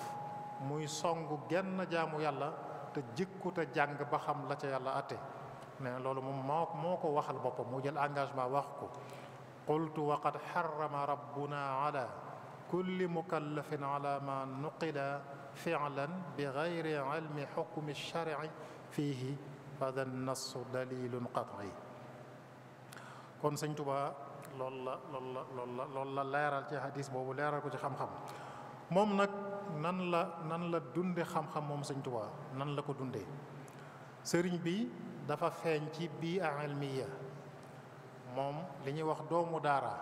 muy songu genn jaamu yàlla te jikku te jàng ba xam la ca yàlla ate ne na loolu moom moo moo ko waxal boppam mu jël engagement wax ko qultu wa qad xarama rabbuna ala kulli mukallafin ala ma nuqida filan bi gayri ilmi xukmi sharici fiihi fada nassu dalilun qatci kon sëñ Tuba loolu la loolu la loolu la loolu la leeral ci hadis boobu leeral ko ci xam-xam moom nag nan la nan la dunde xam-xam moom sëñ Tuubaa nan la ko dundee sëriñ bi dafa feeñ ci bii almiya moom li ñuy wax doomu daara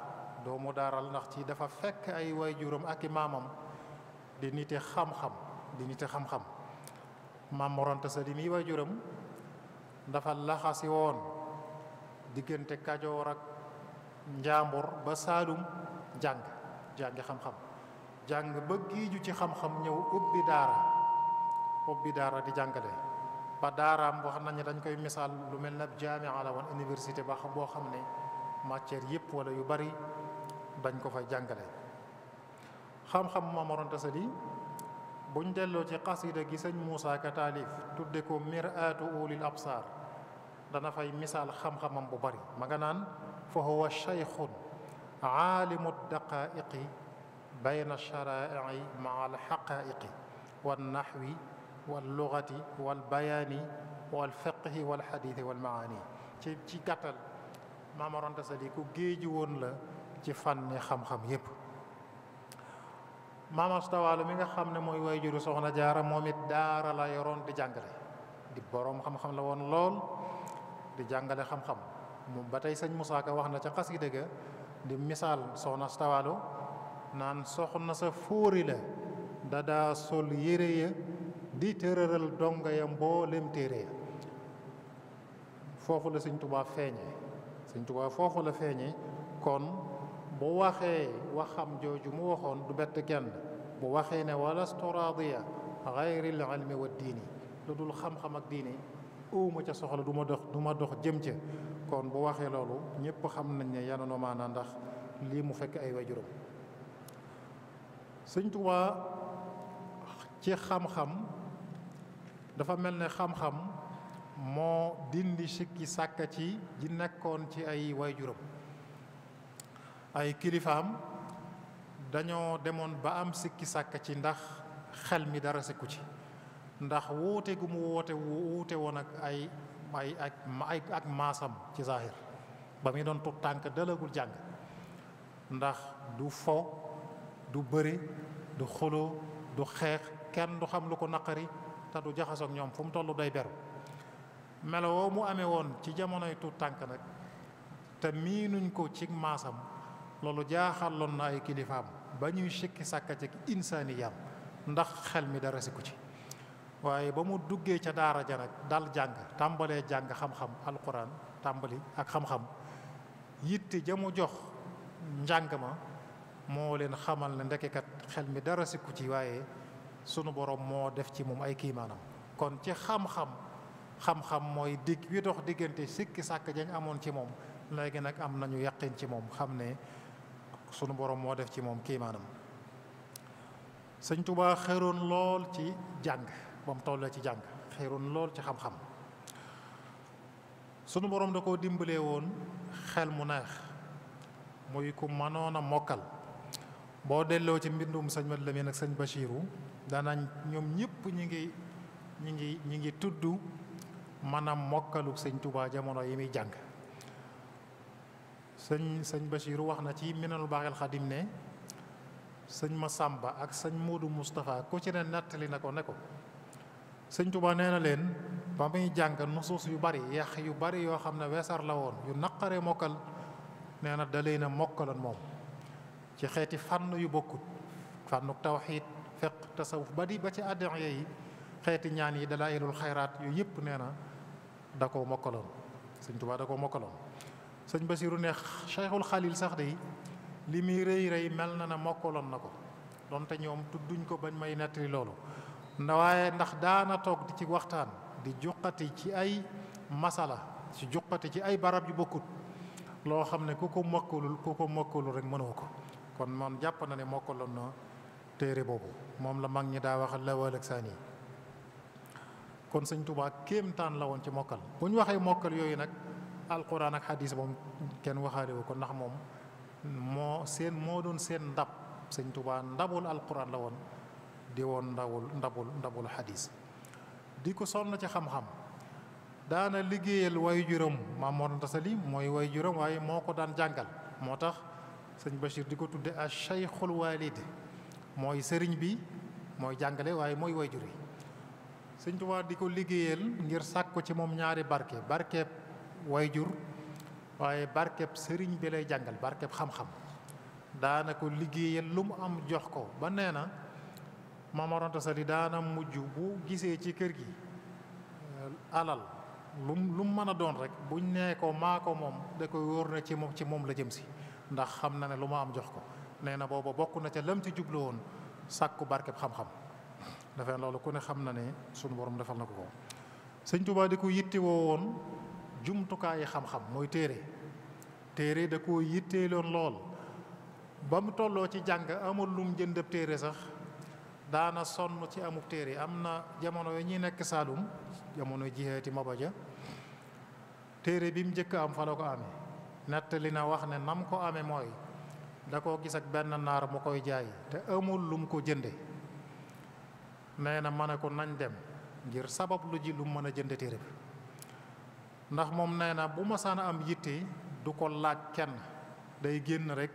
doomu daara la ndax ci dafa fekk ay waajuram ak i maamam di nite xam-xam di nite xam-xam maam moronta sa di mi waajuram dafa laxasi woon diggante kajoor ak njaambur ba saalum jàng jàngi xam-xam jàng ba giiju ci xam-xam ñëw ubbi daara ubbi daara di jàngale ba daaraam wax nañu dañ koy misaal lu mel na jaamia la woon université ba boo xam ne matière yëpp wala yu bari dañ ko fay jàngale xam-xam Maamor Anta buñ delloo ci xasida gi sëñ Moussa Ka taalif tudde ko miraatu ulil absar dana fay misaal xam-xamam bu bari ma nga naan fa huwa cheykhun aalimu daqaiqi bayna charaa'i maa alxaqaiqi walnaxwi wallugati walbayaani walfiqhi walxadithi walmaani ci ci gàttal Maam Mor Anta Sali ku géeju woon la ci fànni xam-xam yépp Maam Asta Waalo mi nga xam ne mooy waajuru Soxna Jaara moom it daara la yoroon di jàngale di boroom xam-xam la woon lool di jàngale xam-xam ba tey sëñ Moussa wax na ca xasida ga di misaal soxna Stawaalo naan soxna sa fóori la dadaa yére ya di tërëral donga ya mboolem téere ya foofu la sëñ Tuubaa feeñee sëñ Tuubaa foofu la feeñee kon bu waxee waxam jooju mu waxoon du bett kenn bu waxee ne walastu raadiya xayril ilmi wa diini lu dul xam-xam ak diini ëwuma ca soxla duma dox du ma dox jëm ca kon bu waxee loolu ñépp xam nañ ne yanu na ndax lii mu fekk ay waajuram sëñ Tuubaa ci xam-xam dafa mel ne xam-xam moo dindi sikki sàkka ci ji nekkoon ci ay waajuram ay kilifaam dañoo demoon ba am sikki sàkka ci ndax xel mi dara sekku ci ndax woote gu mu woote wuute woon ak ay ay ay ak maasam ci zahir ba muy doon tut tànk dalagul jàng ndax du fo du bëri du xuloo du xeex kenn du xam lu ko naqari te du jaxasoo ñoom fu mu toll day beru melo mu amee woon ci jamonoy tut tànk nag te nuñ ko ci maasam loolu jaaxaloon na ay kilifaam ba ñuy sikki sàkka ci insaaniyam ndax xel mi dara siku ci waaye ba mu duggee ca daara ja nag dal jàng tàmbalee jàng xam-xam alquran tàmbali ak xam-xam yitte ja mu jox njàng ma moo leen xamal ne ndekekat xel mi dara sikku ci waaye sunu borom moo def ci moom ay kiimaanam kon ci xam-xam xam-xam mooy digg wi dox diggante sikki sàkk jañ amoon ci moom léegi nag am nañu yàqin ci moom xam ne sunu borom moo def ci moom kiimaanam sëñ Tuubaa xëroon lool ci jàng bam mu ci jang xeyrun lol ci xam-xam sunu borom dako koo won xel mu neex moy ku manona mokal mokkal delo ci mbindum sëñ Mat Lamin ak sëñ da na ñom ñepp ñi ngi ñi ngi ñi ngi tuddu manam mokkalu sëñ touba jamono yimi jang na ci Minanul baqil khadim ne sëñ Masamba ak sëñ modou Moustapha ko ci ne natali nako nako sëñ Tuba nee na leen ba muy jàng nusuus yu bari yax yu bari yoo xam ne weesar la woon yu naqaree mokkal nee na da leen a mokkaloon moom ci xeeti fànn yu bokkut fànnuk tawxiid fiq tasawuf ba di ba ci addiya yi xeeti ñaan yi dalaa'ilul xayraat yu yëpp nee na da koo mokkaloon sëñ Tuba da koo mokkaloon sëñ Basiru ne Cheikhul Xalil sax de li muy rëy rëy mel na ne mokkaloon na ko donte ñoom tudduñ ko bañ may nettali loolu waaye ndax daana toog di ci waxtaan di juqati ci ay masala ci juqati ci ay barab yu bokkut loo xam ne ku ko mokkalul ku ko mokkalul rek mënoo ko kon man jàpp na ne mokkaloon na téere boobu moom la mag ñi daa waxal lawal ak saan yi kon sëñ Tuubaa kéemtaan la woon ci mokkal bu ñu waxee mokkal yooyu nag alquran ak hadis moom kenn waxaale wu ko ndax moom moo seen moo doon seen ndab sëñ Tuubaa ndabul alquran la woon di woon ndawul ndabul ndabul xadis di ko sonn ci xam-xam daana liggéeyal way juram maam Mor mooy way juram waaye moo ko daan jàngal moo tax sëñ Bachir di ko tudde a cheikhul walid mooy sëriñ bi mooy jàngale waaye mooy way jur yi sëñ Tuubaa di ko liggéeyal ngir sàkk ko ci moom ñaari barke barkeeb way jur waaye barkeeb sëriñ bi lay jàngal barkeeb xam-xam daana ko liggéeyal lu mu am jox ko ba nee na mamaronta sali daana mujj bu gisee ci kër gi eh, alal lu lu mën a doon rek buñ nee ko maa ko moom da koy wóor na ci moom ci moom la jëm si ndax xam na ne lu ma am jox ko nee na booba bokk na ca lam ci juble woon sàkku barkeb xam-xam dafay loolu ku ne xam na ne sunu borom defal na ko ko sëñ Tuubaa di ko yittewoo woon jumtukaayi xam-xam mooy téere téere da koo yitteeloon lool ba mu tolloo ci jàng amul lum jëndab téere sax daana sonn ci amuk téré amna jamono yi ñi nek salum jamono mabaja. mabaja téré bi mu jëk am fa la ko amee na wax né nam ko amé moy da ko gis ak ben nar mu koy jaay té amul lum ko jëndé nee na ma ko nañ dem ngir sabab lu ji lu mëna a téré ndax mom na bu ma sana am yitté du ko laaj kenn day genn rek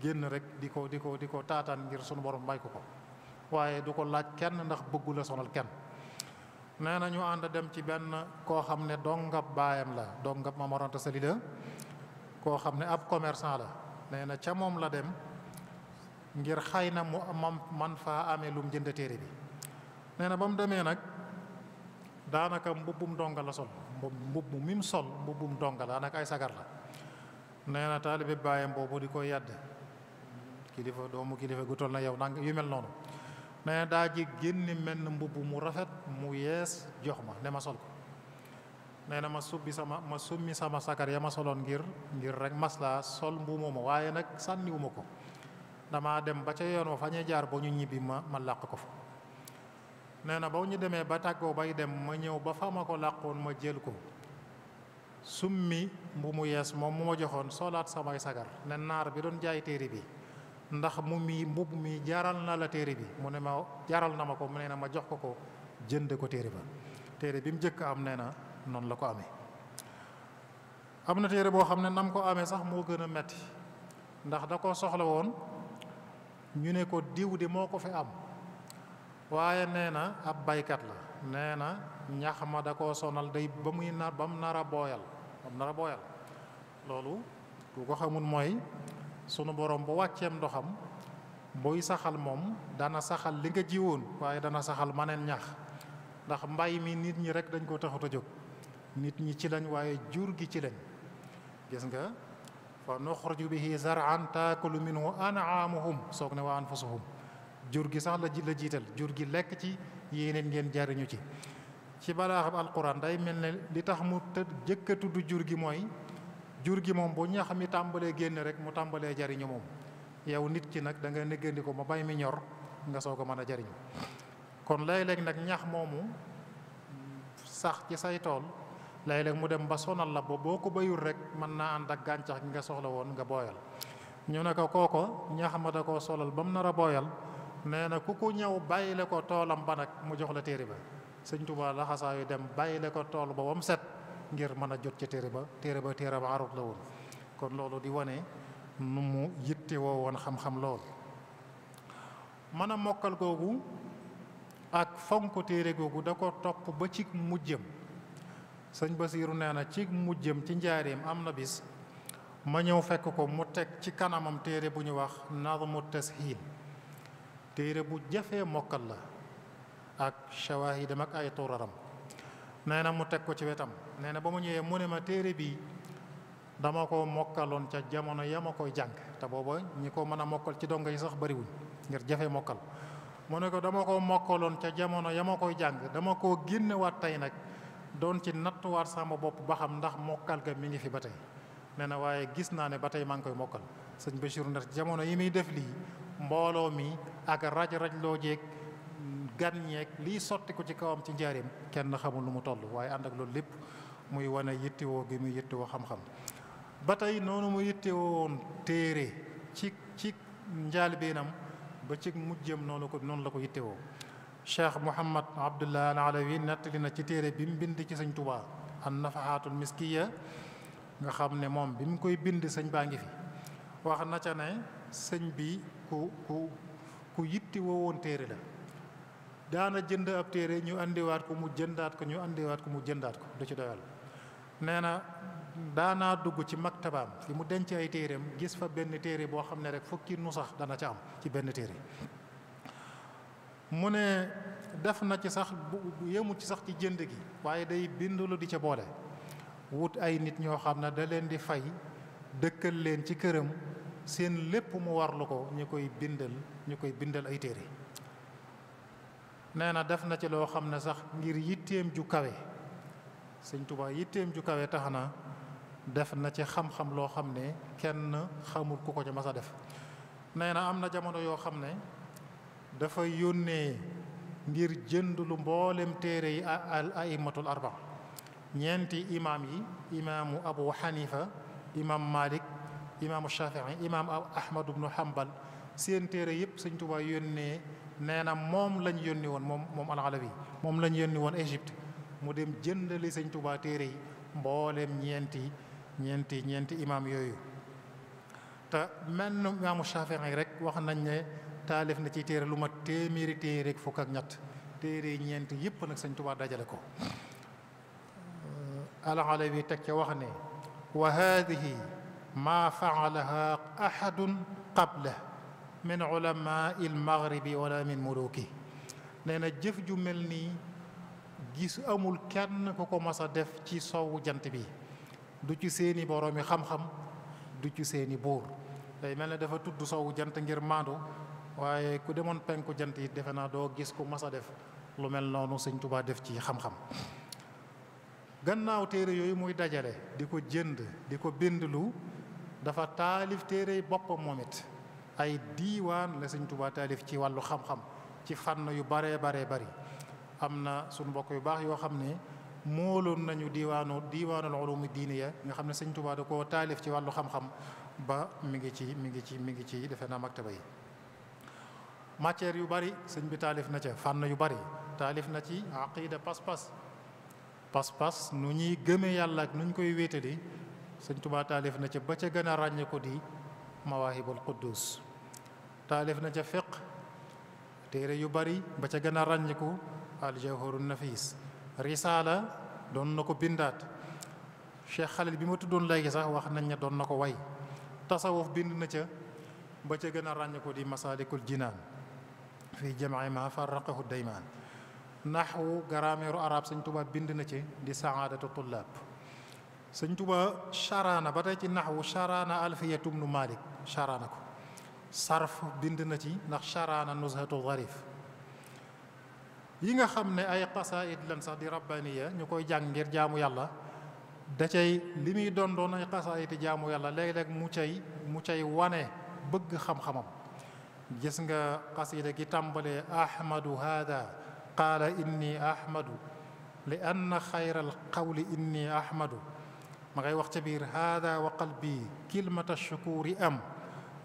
genn rek diko ko di ko di ko ngir sunu borom bay ko ko waaye du ko laaj kenn ndax bëggu la sonal kenn nee na ñu ànd dem ci benn koo xam ne dongab baayam la dongab ma Mor Anta Sali ko koo xam ne ab commerçant la nee ca moom la dem ngir xay na mu mam man faa amee lum jënd téere bi nee na ba mu demee nag daanaka mbubbum donga la sol mbubb mu mim sol mbubbum donga la daanaka ay sagar la nee na taalibe baayam boobu di yàdd kilifa doomu kilifa gu toll na yow nang yu mel noonu nee na daa ji génne mel mbubb mu rafet mu yees jox ma ne ma sol ko nee na ma subbi sama ma summi sama sakar ya ma soloon ngir ngir rek maslaa sol mbuumoo ma waaye nag sànniwuma ko dama dem ba ca yoon wa fa ñuy jaar ba ñu ñibbi ma ma làq ko fa nee na ba ñu demee ba tàggoo bay dem ma ñëw ba fa ma ko làqoon ma jël ko summi mbu mu yees moom mu ma joxoon solaat samay sagar ne naar bi doon jaay téere bi ndax mu mii mbubb mi jaral na la téere bi mu ne ma jaral na ma ko mu nee na ma jox ko ko jënde ko téere ba téere bi mu njëkk am nee na noonu la ko ame am na téere boo xam ne nam ko amee sax moo gën a metti ndax da ko soxla woon ñu ne ko diw di moo ko fi am waaye nee na ab baykat la nee na ñax ma da ko sonal day ba muy nar ba mu nar booyal ba mu booyal loolu ku ko xamul mooy sunu borom bu wàcceem ndoxam buy saxal moom dana saxal li nga jiwoon waaye dana saxal maneen ñax ndax mbay mi nit ñi rek dañ ko taxut a jóg nit ñi ci lañ waaye jur gi ci lañ gis nga fa nuxriju bi zar'an taakulu minhu an'aamuhum soog ne wa jur gi sax la jiital jur gi lekk ci yéeneen ngeen jariñu ci ci balaaxam alquran day mel ne li tax mu të tudd jur gi mooy jur gi moom bu ñax mi tambale génn rek mu tambalé jariñu mom yow nit ki nak da nga néggandi ma bay mi ñor nga soko mëna jariñu kon lay lek nak ñax momu sax ci say tol lay lek mu dem ba sonal la ba bayul rek man na and ak gantax gi nga soxla won nga boyal ñu ne koko ñax da ko solal bam na ra boyal neena ku ku ko ba nak mu jox la téré ba señ touba la yu dem bàyyile ko ba wam set ngir mën a jot ca téere ba téere ba téere ba arut la woon kon loolu di wane nu mu yitte woo woon xam-xam lool mën a mokkal googu ak fonk téere googu da ko topp ba ci mujjëm sëñ Basiiru nee na ci mujjëm ci njaareem am na bis ma ñëw fekk ko mu teg ci kanamam téere bu ñu wax mu tes tashiin téere bu jafee mokkal la ak yi dem ak ay tuuraram nee na mu teg ko ci wetam nee na ba mu ñëwee mu ne ma téere bii dama ko mokkaloon ca jamono ya ma koy jàng te booba ñi ko mën a mokkal ci dongo yi sax bariwuñ ngir jafe mokkal mu ne ko dama ko mokkaloon ca jamono ya ma koy jàng dama koo génnewaat tey nag doon ci nattuwaat sama bopp ba xam ndax mokkal ga mi ngi fi ba tey nee na waaye gis naa ne ba tey maa ngi koy mokkal sëñ Bachir Ndar jamono yi muy def lii mbooloo mi ak raj raj loo jeeg gan ñeeg liy sotti ko ci kawam ci njaareem kenn xamul lu mu toll waaye ànd ak loolu lépp muy wane yittewoo gi muy yittewoo xam-xam ba tey noonu mu yittewoon téere ci ci njaalbeenam ba ci mujjëm noonu ko noonu la ko yittewoo cheikh mouhamad abdullah al alawi na ci téere bi mu bind ci sëñ tubaa an nafahaatul miskiya nga xam ne moom bi mu koy bind sëñ baa ngi fi wax na ne sëñ bi ku ku ku yittewoo woon téere la daana jënd ab téere ñu indiwaat ko mu jëndaat ko ñu indiwaat ko mu jëndaat ko du ci doyal nee na daanaa dugg ci maktabaam fi mu denc ay téere am gis fa benn téere boo xam ne rek fukki nu sax dana ca am ci benn téere mu ne def na ci sax bu yemu ci sax ci jënd gi waaye day bind lu di ca boole wut ay nit ñoo xam ne da leen di fay dëkkal leen ci këram seen lépp mu war warlu ko ñu koy bindal ñu koy bindal ay téere nee na def na ci loo xam ne sax ngir yitteem ju kawe sëñ Tuubaa yitteem ju kawe tax na def na ci xam-xam loo xam ne kenn xamul ku ko ca mas a def nee na am na jamono yoo xam ne dafa yónnee ngir jënd mboolem téere yi al aimatul arba ñeenti imaam yi imaamu abu xanifa imaam malik imaamu shafii imaam ahmad ibnu hambal seen téere yëpp sëñ Tuubaa yónnee nee na moom lañ yónni woon moom moom alxalabi moom lañ yónni woon Égypte mu dem jëndali sëñ Tuubaa téere yi mbooleem ñeenti ñeenti ñeenti imaam yooyu te menn imaamu Shaafi'i rek wax nañ ne taalif na ci téere lu mat téeméeri téere ak fukk ak ñett téere yi ñeent yëpp nag sëñ Tuubaa dajale ko alxalabi teg ca wax ne wa haadihi maa faalaha ahadun qabla من علماء المغرب ولا من ملوكه نانا جف جو ملني جيس امول كان كوكو مسا ديف تي سوو جانت بي دو تي سيني بورومي خام خام دو تي سيني بور داي ملنا دافا تود سوو جانت غير ماندو واي كو ديمون بانكو جانت ديفنا دو جيس كو مسا ديف لو مل نونو سيغ توبا ديف تي خام خام غناو تيري يوي موي داجالي ديكو جند ديكو بندلو دافا تاليف تيري بوبام موميت ay diiwaan la sëñ Tuubaa taalif ci wàllu xam-xam ci fànn yu baree baree bari am na suñu mbokk yu baax yoo xam ne mooloon nañu diiwaanu diiwaanul ulumi diiniya nga xam ne sëñ Tuubaa da koo taalif ci wàllu xam-xam ba mi ngi ci mi ngi ci mi ngi ci defe naa maktaba yi matière yu bari sëñ bi taalif na ca fànn yu bari taalif na ci aqida pas-pas pas-pas nu ñuy gëmee yàlla ak nu ñu koy wéetali sëñ Tuubaa taalif na ca ba ca gën a ràññe ko di mawaahibul quddus تالف نجا فق تيري يباري بچا گنا رانجكو الجوهر النفيس رسالة دون بندات شيخ خالد بيمو تدون لايكي صح واخنا نجا دون نكو واي تصوف بند نجا بچا گنا رانجكو دي مسالك الجنان في جمع ما فرقه الديمان نحو غرامير عرب سنتوبا بند نجا دي سعادة الطلاب سنتوبا شارانا باتاي نحو شارانا الفية تمنو مالك شارانا sarf bind na ci ndax sharaana nuzhatu zarif yi nga xam ne ay qasaid lan sax di rabbaniya ñu koy jàng ngir jaamu yàlla da cay li muy doon doon ay qasaidi jaamu yàlla léeg-léeg mu cay mu cay wane bëgg xam-xamam gis nga qasida gi tàmbalee ahmadu hada qaala inni ahmadu li anna xayra alqawli inni ahmadu ma ngay wax ca biir hada wa qalbi kilmata shukuri am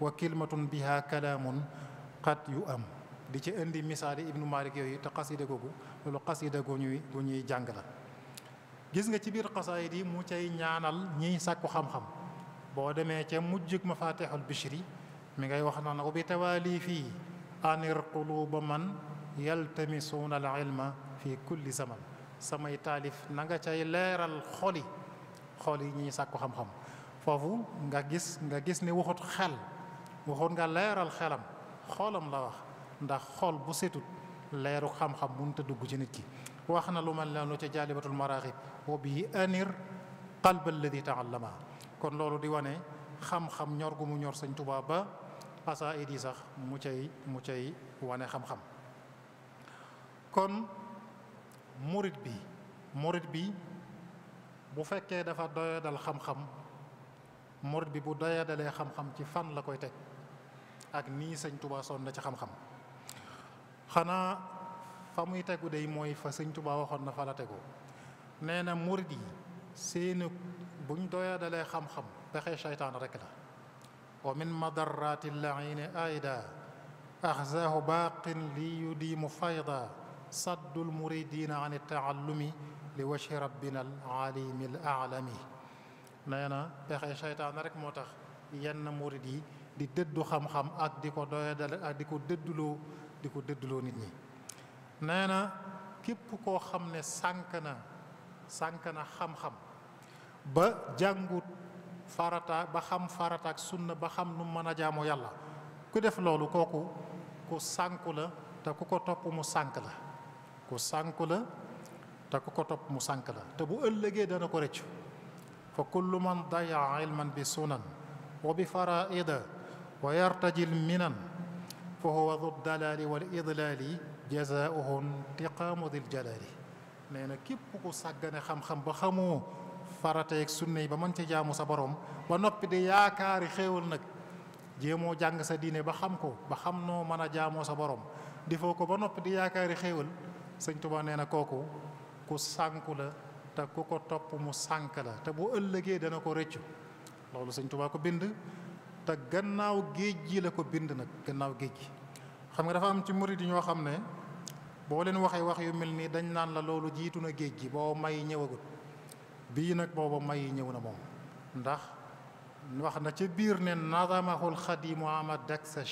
wa kilmatun biha kalaamun qad yu am di ci indi misaali ibnu malik yooyu te xasida googu loolu xasida gu ñuy gu ñuy jàng la gis nga ci biir xasaayid yi mu cay ñaanal ñiy sàkku xam-xam boo demee ca mujjug mafatihul bishri mi ngay wax naan ubi tawaali fii anir quluba man yaltamisuuna al ilma fi kulli zaman samay taalif na nga cay leeral xoli xol yi ñuy sàkku xam-xam foofu nga gis nga gis ne waxut xel waxoon nga leeral xelam xoolam la wax ndax xool bu setut leeru xam-xam mënut a dugg ci nit ki wax na lu mel noonu ca jaalibatul maraaxib wa bi anir qalb alladi taallama kon loolu di wane xam-xam ñor gu mu ñor sëñ Tuubaa ba asaid yi sax mu cay mu cay wane xam-xam kon morit bi murit bi bu fekkee dafa doyadal xam-xam murit bi bu doyadalee xam-xam ci fan la koy teg ak ni seigne Touba son na ci xam-xam xana famuy teggu day moy fa seigne Touba waxon na fa la teggu neena mouride seen buñ doya dalé xam-xam pexe shaytan rek la wa min madarrati lain aida axzahu baqin li yudi mufayda saddul muridina an taallumi li wajhi rabbina al alimi al alami nee na pexe seytaan rek yenn di dëddu xam-xam ak di ko doyadal ak di ko dëdduloo di ko dëdduloo nit ñi nee na képp koo xam ne sànk na sànk na xam-xam ba jàngut farata ba xam farata sunna ba xam nu mën a jaamoo yàlla ku def loolu kooku ku sànku la te ku ko topp mu sànk la ku sànku la te ko topp mu sànk la te bu ëllëgee dana ko rëccu fa kullu man daya ilman bi sunan wa bi faraida ويرتجي المنن فهو ذو الدلال والإضلال جزاؤه انتقام ذي الجلال نينا كيب كو ساغاني خام خام با خامو فراتيك سوني با مانتي جامو صبروم با نوبي دي ياكاري خيول نك جيمو جانغ سا دين با خام كو با خام نو مانا جامو صبروم دي فوكو با نوبي دي ياكاري خيول سيغ توبا نينا كوكو كو سانكو لا تا كوكو توپ مو سانك لا تا بو ëllëgé da na ko réccu lolu sëñ touba ko te gannaaw géej gi la ko bind nag gannaaw géej gi xam nga dafa am ci murid yi ñoo xam ne boo leen waxee wax yu mel nii dañ naan la loolu jiitu na géej gi booba may ñëwagut bii nag booba may ñëw na moom ndax wax na ca biir ne nadamahul xadimu ama baax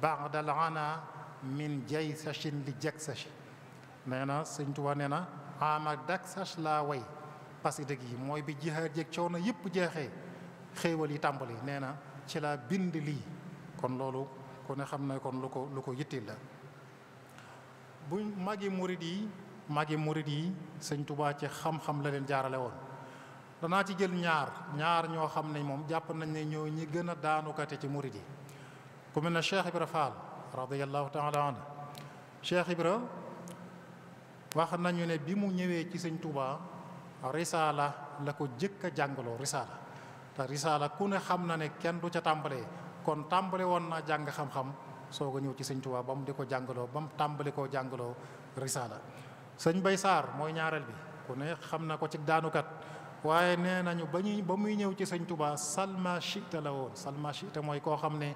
baadal ana min jay sashin li jag sashi nee na sëñ Tuubaa nee na ama daksash laa way parce que dëgg yi mooy bi jihaar jeeg coono yëpp jeexee xéewal yi tàmbali nee na ci laa bind lii kon loolu ku ne xam na kon lu ko lu ko yitteel la bu magi murid yi magi murid yi sëñ Tuubaa ci xam-xam la leen jaarale woon danaa ci jël ñaar ñaar ñoo xam ne moom jàpp nañ ne ñoo ñi gën a daanukate ci murid yi ku mel ne Cheikh Ibra Fall radiyallahu taala anhu Cheikh Ibra wax nañu ne bi mu ñëwee ci sëñ Tuubaa risaala la ko jëkk a jàngaloo risaala te risaala ku ne xam na ne kenn du ca tàmbalee kon tàmbale woon naa jàng xam-xam soog a ñëw ci sëñ Tuubaa ba mu di ko jàngaloo ba mu tàmbali koo jàngaloo risaala sëñ Bay Saar mooy ñaareel bi ku ne xam na ko ci daanukat waaye nee nañu ba ñu ba muy ñëw ci sëñ Tuubaa salma chita la woon salma chita mooy koo xam ne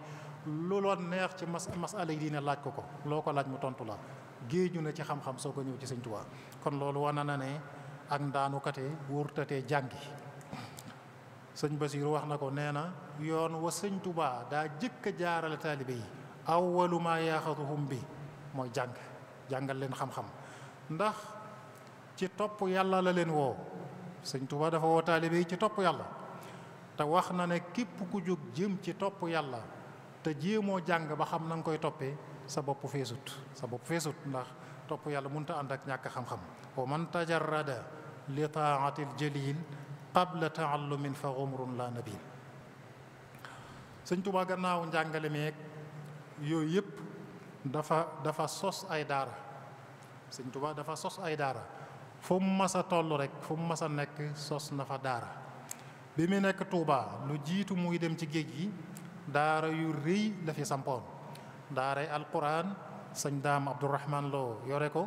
lu loon neex ci mas masala yi diine laaj ko ko loo ko laaj mu tontu la géeju na ci xam-xam soog a ñëw ci sëñ Tuubaa kon loolu wana na ne sëñ Basiiru wax na ko nee na yoon wa sëñ Tuubaa daa jëkk a jaarale taalibe yi awwalu maa yaaxatuhum bi mooy jàng jàngal leen xam-xam ndax ci topp yàlla la leen woo sëñ Tuubaa dafa woo taalibe yi ci topp yàlla te wax na ne képp ku jóg jëm ci topp yàlla te jéemoo jàng ba xam na nga koy toppee sa bopp feesut sa bopp feesut ndax topp yàlla mënut a ànd ak ñàkk xam-xam wa man tajarrada li taatil قبل تعلم فغمر لا نبيل سيني توبا غناو نجانغالي ميك يو ييب دافا دافا سوس اي دارا سيني توبا دافا سوس اي دارا فوم مسا تولو ريك فوم مسا نيك سوس نافا دارا بيمي نيك توبا لو جيتو موي ديم سي جيجي دارا يو ري لا في سامبون دارا القران سيني دام عبد الرحمن لو يوريكو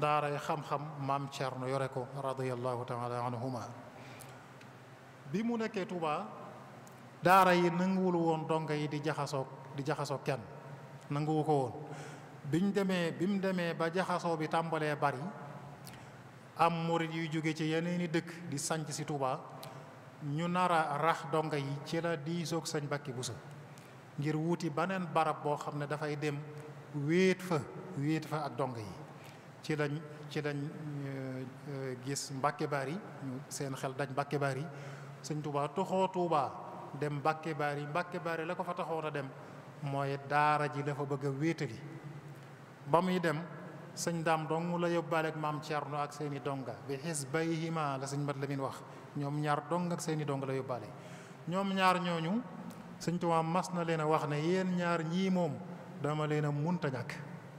دارا خم خم مام تشارنو يوريكو رضي الله تعالى عنهما bi mu nekkee Touba daara yi nanguwul woon dongo yi di jaxasoo di jaxasoo kenn nanguwu ko woon biñ demee bi mu demee ba jaxasoo bi tàmbalee bari am murit yuy jóge ci yeneeni dëkk di sanc si Touba ñu nara rax dongo yi ci la diisoog sëñ Bakki Bousso ngir wuti beneen barab boo xam ne dafay dem wéet fa wéet fa ak dongo yi ci lañ ci lañ euh, euh, gis Mbàkke Bari seen xel daj Mbàkke Bari sëñ Touba toxoo Touba dem Mbàkke Baari Mbàkke Baari la ko fa taxoon a dem mooy daara ji dafa bëgg a wéetali ba muy dem sëñ daam dong la yóbbaale ak maam Thierno ak seen i donga bi xisbayhima la sëñ wax ñoom ñaar dong ak seen i donga la yóbbaale ñoom ñaar ñooñu sëñ Touba mas na leen a wax ne yéen ñaar ñii moom dama leen a munta ñàkk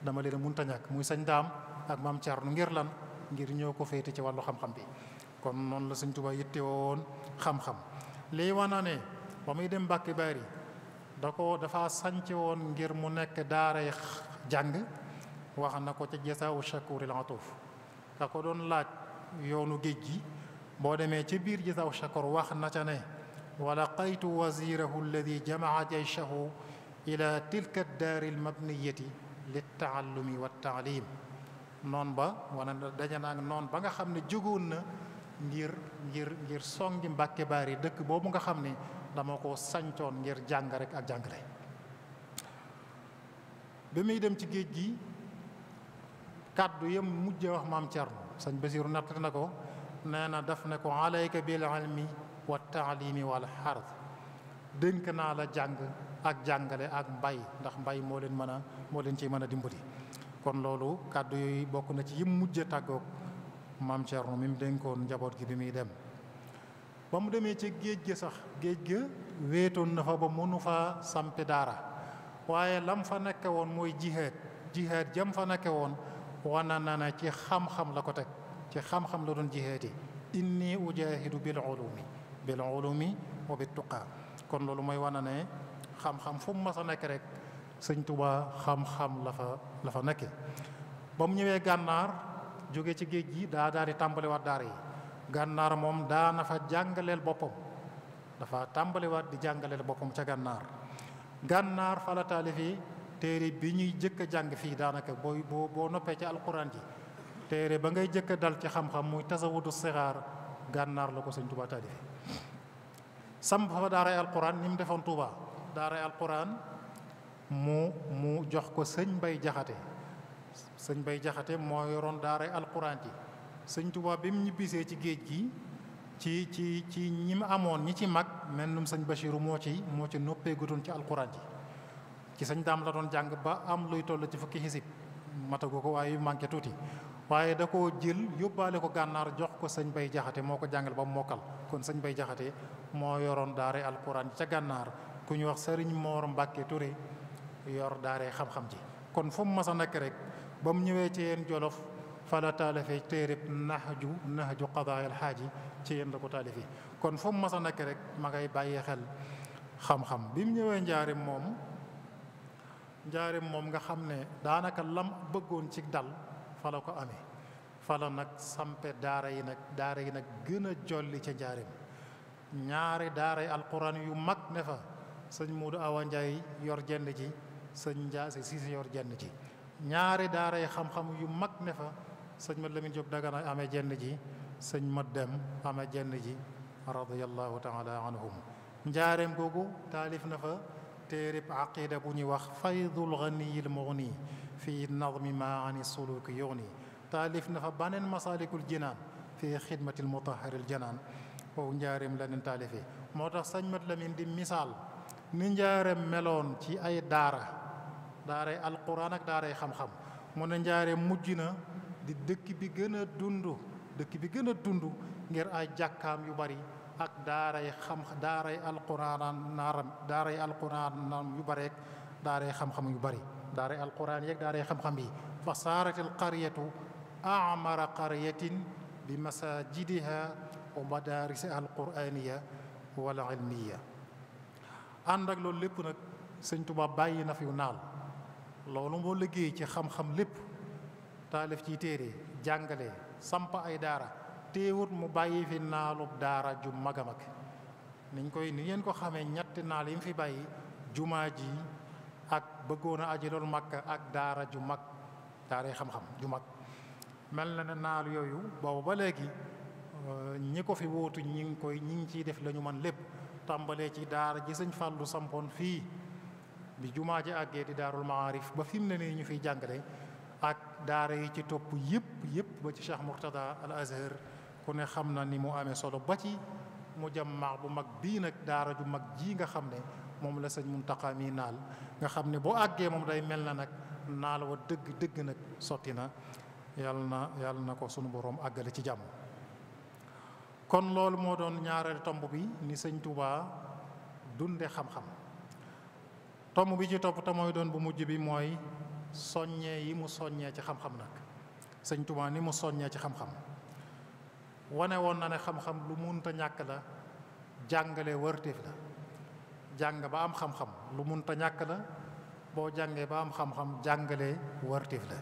dama leen a munta ñàkk muy sëñ daam ak maam Thierno ngir lan ngir ñoo ko féete ci wàllu xam-xam bi kon noonu la sëñ Touba yitte woon xam-xam li wanane ba muy dem bakki Bari dako dafa sanc won ngir mu nek daara jàng wax na ko ca jasaawu shakuril atuf ka ko doon laaj yoonu géej bo demé ci bir biir wa shakur wax na ca ne ولقيت وزيره wazirahu alladhi jamaa jayshahu ila tilka ad-dar al noon lit-ta'allumi wat-ta'lim non ba nga xamne jógoon na ngir ngir ngir songi Mbàkke yi dëkk boobu nga xam ni dama ko sancoon ngir jàng rek ak jàngale bi muy dem ci géej gi kàddu yam mujje wax maam Cerno sëñ Basiiru natt na ko nee na daf ne ko alayka bil ilmi wa taalimi wal xard dénk naa la jàng ak jàngale ak mbay ndax mbay moo leen mën a moo leen ci mën a dimbali kon loolu kàddu yooyu bokk na ci yim mujje tàggoog maam Thierno mi mu dénkoon njaboot gi bi muy dem ba mu demee ca géej gi sax géej ga wéetoon na fa ba mënu faa sampi daara waaye lam fa nekke woon mooy jihaad jihaad jam fa nekke woon wana na ci xam-xam la ko teg ci xam-xam la doon jihaadi inni ujahidu bil ulumi bil ulumi wa bit tuqa kon loolu mooy wana ne xam-xam fu mu mas a rek sëñ Tuubaa xam-xam la fa la fa nekke ba mu ñëwee jóge ci géej gi daa di tàmbaliwaat daara yi gànnaar moom daana fa jàngaleel boppam dafa tàmbaliwaat di jàngaleel boppam ca gànnaar gànnaar fa la taalifi téere bi ñuy jëkk a jàng fii daanaka booy boo boo noppee ci alquran ji téere ba ngay jëkk dal ci xam-xam muy tasawudu sixaar gànnaar la ko sëñ Tuubaa taalifi samp fa daaray alquran ni mu defoon Tuubaa daaray alquran mu mu jox ko sëñ Mbay Jaxate sëñ bay jaxate moo yoroon daaray alquran ji sëñ tubaab bi mu ñibbisee ci géej gi ci ci ci ñi mu amoon ñi ci mag mel num sëñ Bachiru moo ci moo ci noppee gutoon ci alquran ji ci sëñ daam la doon jàng ba am luy toll ci fukki xisib matagu ko waaye yu manqué tuuti waaye da koo jël yóbbaale ko gànnaar jox ko sëñ bay jaxate moo ko jàngal ba mu mokkal kon sañ bay jaxate moo yoroon daaray alquran ji ca gànnaar ku ñu wax sëriñ Moor Mbàkke turi yor daaray xam ji kon fu mu mas rek ba mu ci yéen jolof fa la taalifee téerib naxju naxju qadaayal xaaji ci yéen la ko taalifee kon fu mu mas a nekk rek ma ngay bàyyi xel xam-xam bi mu ñëwee njaarim moom njaarim nga xam ne lam bëggoon ci dal fa la ko amee fa la nag sampe daara yi nag daara yi nag gën a jolli ca njaarim ñaari daaray alquran yu mag ne fa sëñ Moodu Awa yor jenn ji sëñ Njaay si si yor jenn ji ñaari daara yi xam-xam yu mag ne fa sëñ Mat Lamin jóg Dagana amee jenn ji sëñ Mat Dem amee jenn ji radiyallahu taala anhum njaareem googu taalif na fa téerib aqida bu ñuy wax faydul ganiyil mughni fi nadmi ma ani suluki yughni taalif na fa baneen masalikul jinaan fi xidmatil mutahharil janaan foofu njaareem la leen taalifi moo tax sëñ Mat Lamin di misaal ni njaareem meloon ci ay daara daaray alquran ak daaray xam-xam mu ne njaare mujj na di dëkk bi gën a dund dëkk bi gën a dund ngir ay jàkkaam yu bari ak daaray xam daaray alquran naaram daaray alquran naam yu bareek daaray xam-xam yu bari daaray alquran yeeg daaray xam-xam yi fa alqaryatu amara qaryatin bi masajidiha wa madaarisi alquraniya wala ilmiya ànd ak lépp nag sëñ Tuubaa bàyyi na fi naal loolu moo liggéey ci xam-xam lépp taalif ci téere jàngale samp ay daara téewut mu bàyyi fi naalub daara ju mag a mag niñ koy ni ngeen ko xamee ñetti naal yi mu fi bàyyi jumaa ji ak bëggoon a aji loolu makka ak daara ju mag daara xam-xam ju mag mel na ne naal yooyu boobu ba léegi euh, ñi ko fi wóotu ñi ngi koy ñi ngi ciy def lañu man lépp tàmbalee ci daara ji sëñ Fàllu sampoon fii bi jumaa ji àggee di daarul maarif ba fi mu ne nii ñu fiy jàngale ak daara yi ci topp yëpp yëpp ba ci Cheikh Mourtada al Azhar ku ne xam na ni mu amee solo ba ci mu jammaa bu mag bii nag daara ju mag ji nga xam ne moom la sëñ Muntaqa mi naal nga xam ne boo àggee moom day mel na nag naal wa dëgg dëgg nag sotti na yàlla na yàlla na ko sunu boroom àggale ci jàmm kon loolu moo doon ñaareel tomb bi ni sëñ Tuubaa dunde xam-xam tomb bi ci topp te mooy doon bu mujj bi mooy soññee yi mu soññee ci xam-xam nag sëñ Tuubaa ni mu soññee ci xam-xam wane woon na ne xam-xam lu munta ñàkk la jàngale wërtéef jàng ba am xam-xam lu munta ñàkk la boo jàngee ba am xam-xam jàngale wërtéef la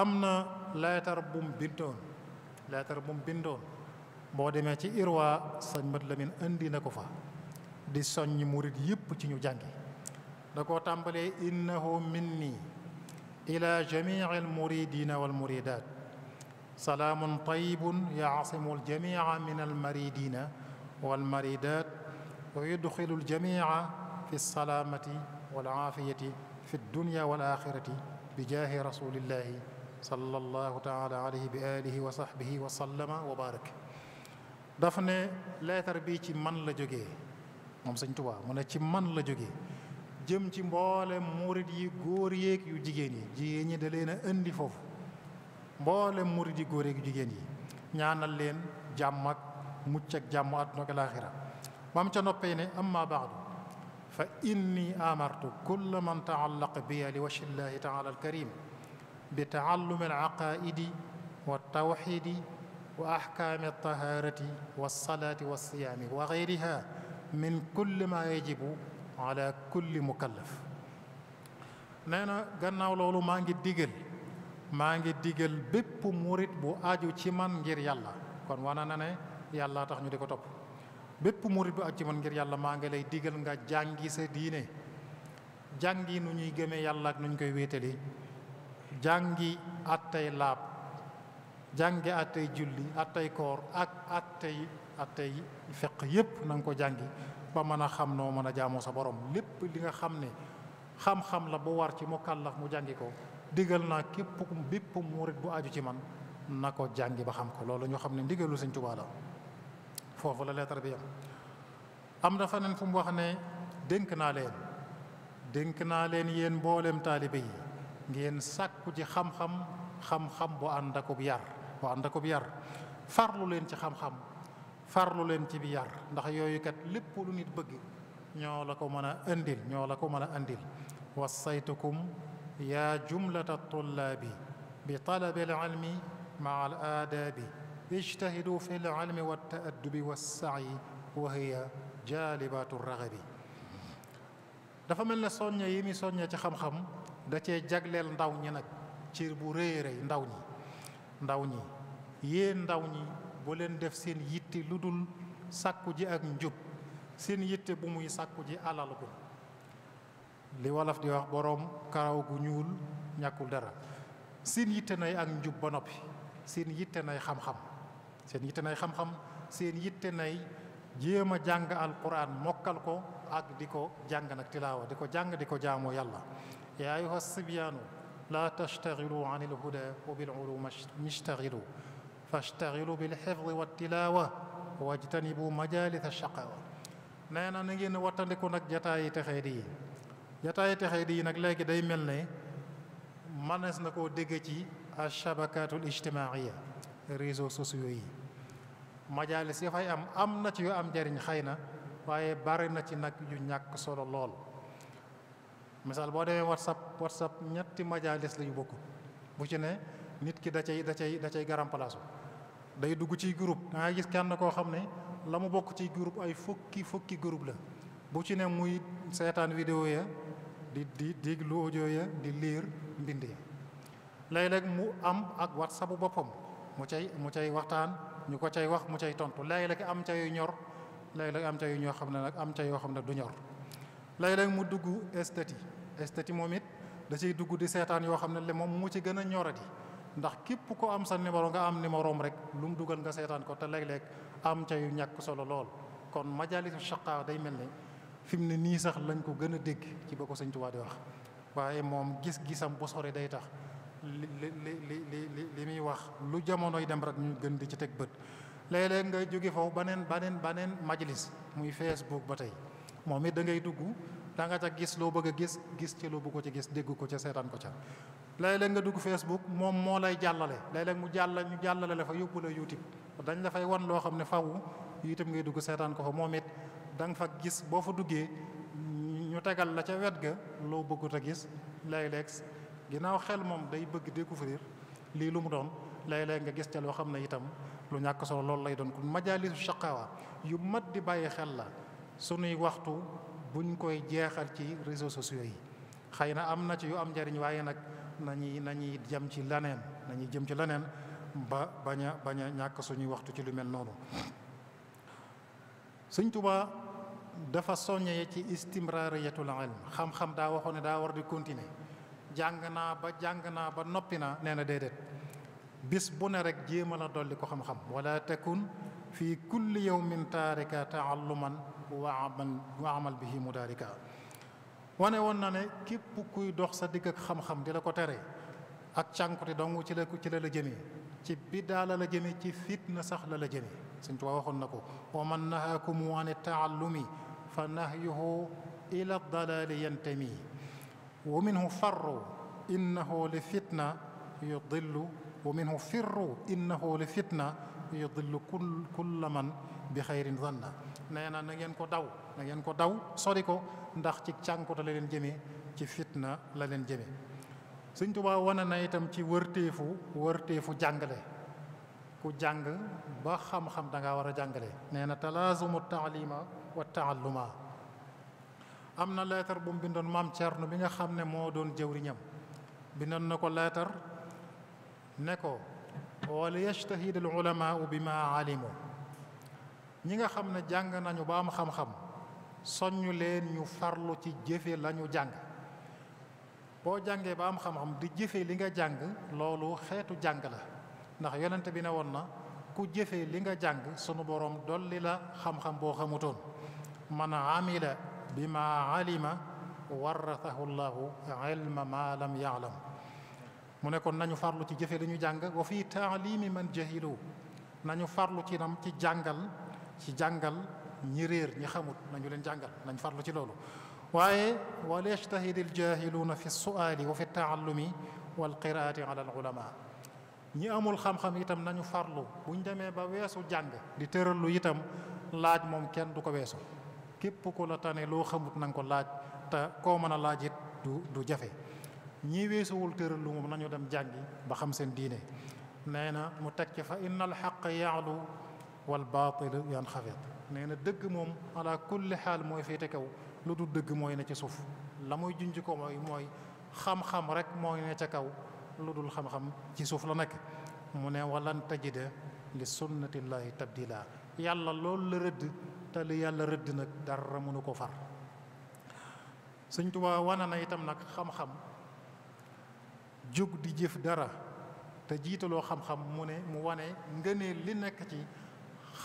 am na leetar bu mu bindoon leetar bu bindoon boo demee ci irwa sëñ Mat Lamin indi na ko fa di soññ murit yépp ci ñu jàngi da koo tàmbalee innahu minni ila jamii almuridina walmuridat salaamun tayibun yaasimu aljamia min almaridina walmaridat wa yudxilu aljamia fi alsalaamati walaafiyati fi aldunya walaxirati bijaahi rasulillahi sallallahu taala alayhi bi alihi wa sahbihi wa sallama wa baaraka daf ne leetar bi ci man la jógee moom sëñ Tuubaa mu ne ci man la jógee jëm ci mboolem mourid yi góor yéeg yu jigen yi jigen yi da leena a indi foofu mboolem murit yi góor yéeg yu jigéen yi ñaanal leen jàmm ak mucc ak jàmm àdduna ak alaaxira bam ca noppé ne amma ba'du fa inni amartu kull man ta'allaq biya li wajhi allah taala al-karim bi ta'allum al-aqaidi wa at tawxidi wa ahkam at-taharati wa salati wa siyami wa ghayriha min kull ma yajibu ala kulli mukallaf nee na gannaaw loolu maa ngi digal maa ngi digal bépp murit bu aju ci man ngir yàlla kon wana na ne yàlla tax ñu di ko topp bépp murit bu aju ci man ngir yàlla maa ngi lay digal nga jàngi sa diine jàngi nu ñuy gëmee yàlla ak nu ñu koy wéetali jàngi attay laab jànge attey julli attey koor ak attey attey feq yépp na ko jàngi ba mën a xam noo mën a jaamoo sa borom lépp li nga xam ne xam-xam la bu war ci mu kàllax mu jàngi ko digal naa képp bépp murit bu aju ci man na ko jàngi ba xam ko loolu ñoo xam ne ndigalu Sëñ Tuubaa la foofu la leetar bi yam am na feneen fu mu wax ne dénk naa leen dénk naa leen yéen mboolem taalibe yi ngeen sàkku ci xam-xam xam-xam bu ànd akub yar bu ànd ko biyar farlu leen ci xam-xam farlu leen ci bi yar ndax yooyu kat lépp lu nit bëgg ñoo la ko mën a indil ñoo la ko mën a indil wasaytukum yaa jumlata tullabi bi talabi alilmi maa al aadaabi ijtahidu fi lilmi waltaaddubi walsaayi wa hiya jaalibatu raxabi dafa mel ne soññe yi soññe ci xam-xam da cee jagleel ndaw ñi nag ciir bu rëy rëy ndaw ñi ndaw ñi yéen ndaw ñi bu leen def seen yitte lu dul bumi ji ak njub seen yitte bu muy nyakul ji alal ko li wolof di wax boroom karaw gu ñuul ñàkkul dara seen yitte nay ak njub ba noppi seen nay xam-xam seen yitte nay xam-xam seen yitte nay jema a alquran mokkal ko ak diko ko jàng nag tilaawa di ko jàng di ko ayuha لا تشتغلوا عن الهدى وبالعلوم اشتغلوا فاشتغلوا بالحفظ والتلاوة واجتنبوا مجالس الشقاوة نانا نيجي نواتاندكو نك جتاي تخيدي جتاي تخيدي نك لاغي داي ملني مانس نكو ديغتي الشبكات الاجتماعية ريزو سوسيوي مجالس يفاي ام امنا تي ام جارين خاينا واي بارنا تي نك يو نياك سولو لول misal bo demee whatsapp whatsapp ñetti majalis lañu bokku bu ci ne nit ki da cey da cey da cey garam place day dugg ci groupe da nga gis kenn ko xam ne bokku ci groupe ay fukki fukki groupe la bu ci ne muy setan vidéo ya di di déglu audio ya di lire mbind ya lay léeg mu am ak whatsapp bopam mu cey mu cey waxtaan ñuko cey wax mu cey tontu léeg-léeg am cey yu ñor lay léeg am cey yu ñoo nak am cey yo xam du ñor lay mu dugg esthétique esthétique moom it da ci dugg di setan yo xamne le mom mo ci gëna a ñorati ndax kep ko am sa numéro nga am numéro rek lu mu nga setan ko te leg leg am ca yu ñak solo lol kon majalisu shaqqa day melni fimne ni sax lañ ko gëna deg ci bako señ sëñ di wax waye mom gis-gisam bu sori day tax li li li li li mi wax lu jamono dem rek ñu gën di ci tek beut léeg-léeg nga jóge fo banen banen banen majlis muy Facebook batay momi da ngay duggu da nga ca gis loo bëgg a gis gis ci loo bëgg ko ci gis dégg ko ca seetaan ko ca léeg-léeg nga dugg Facebook moom moo lay jàllale léeg-léeg mu jàlla ñu jàllale la fa yóbbu la YouTube dañ dafay wan loo xam ne faw itam ngay dugg seetaan ko fa moom it da nga fa gis boo fa duggee ñu tegal la ca wet ga loo bëggut a gis lay léeg ginnaaw xel moom day bëgg découvrir lii lu mu doon léeg-léeg nga gis ca loo xam ne itam lu ñàkk solo loolu lay doon kon majaalisu shaqawa yu mat di bàyyi xel la waxtu ñu koy jeexal ci réseau sociaux yi xëy na am na ci yu am njariñ waaye nag nañuy nañuy jëm ci laneen nañuy jëm ci laneen ba bañ a bañ ñàkk suñuy waxtu ci lu mel noonu Sëñ Tuubaa dafa soññee ci istimraariyatul ilm xam-xam daa waxoon ne daa war di continuer jàng naa ba jàng naa ba noppi naa nee na déedéet bis bu ne rek jéem a la dolli ko xam-xam wala tekun في كل يوم تاركا تعلما وعمل به مداركا وانا وانا كيب كوي دوخ صديق خم خم دي لكو تري اك چان كوري دونغو چي لكو چي لجمي چي بدال لجمي چي فتن سخ لجمي سنت واخون نكو ومن نهاكم وان التعلم فنهيه الى الضلال ينتمي ومنه فر انه لفتنه يضل ومنه فر انه لفتنه yudillu kul kulla man bi xayrin zanna nee na na ngeen ko daw na ngeen ko daw sori ko ndax ci cànkute la leen jëmee ci fitna la leen jëme Sëñ Tuubaa wane na itam ci wërteefu wërteefu jàngale ku jàng ba xam-xam da war a jàngale nee na talaazumu taalima wa taalluma am na leetar bu mu bindoon maam Cerno bi nga xam ne moo doon jëwriñam bindoon na ko leetar ne ko وليجتهد العلماء بما علموا ñi nga xam ne jàng nañu ba am xam-xam soññu leen ñu farlu ci jëfe lañu jàng boo jàngee ba am xam-xam di jëfe li nga jàng loolu xeetu jàng la ndax yonent bi ne woon na ku jëfe li nga jàng sunu boroom dolli la xam-xam boo xamutoon man amila bima alima warathahu llahu ilma ma lam yaalam mu ne kon nañu farlu ci jëfe li ñu jàng wa fi taalimi man jahilu nañu farlu ci nam ci jàngal ci jàngal ñi réer ñi xamut nañu leen jàngal nañu farlu ci loolu waaye wa yajtahidi aljahiluuna fi suali wa fi taallumi walqiraati ala alulama ñi amul xam-xam itam nañu farlu buñ demee ba weesu jàng di tëralu itam laaj moom kenn du ko weesu képp ku la tane loo xamut na ko laaj te koo mën a du du jafe ñi ñii weesuwul lu mom nañu dem jàngi ba xam seen diine néna mu tek ci fa innal haqq ya'lu wal batil yanxafit néna na dëgg moom ala kulli hal moy fété kaw lu du dëgg moy na ci suuf la muy junj ko moy moy xam-xam rek moy ne ca kaw lu dul xam-xam ci suuf la nek mu ne walan tajida li sunnati llahi tabdila yàlla lol la rëdd ta li yàlla rëdd nak dara mënu ko far Sëñ Tuubaa wane na itam nak xam-xam jóg di jëf dara te jiitaloo xam-xam mu ne mu wane ngëneel li nekk ci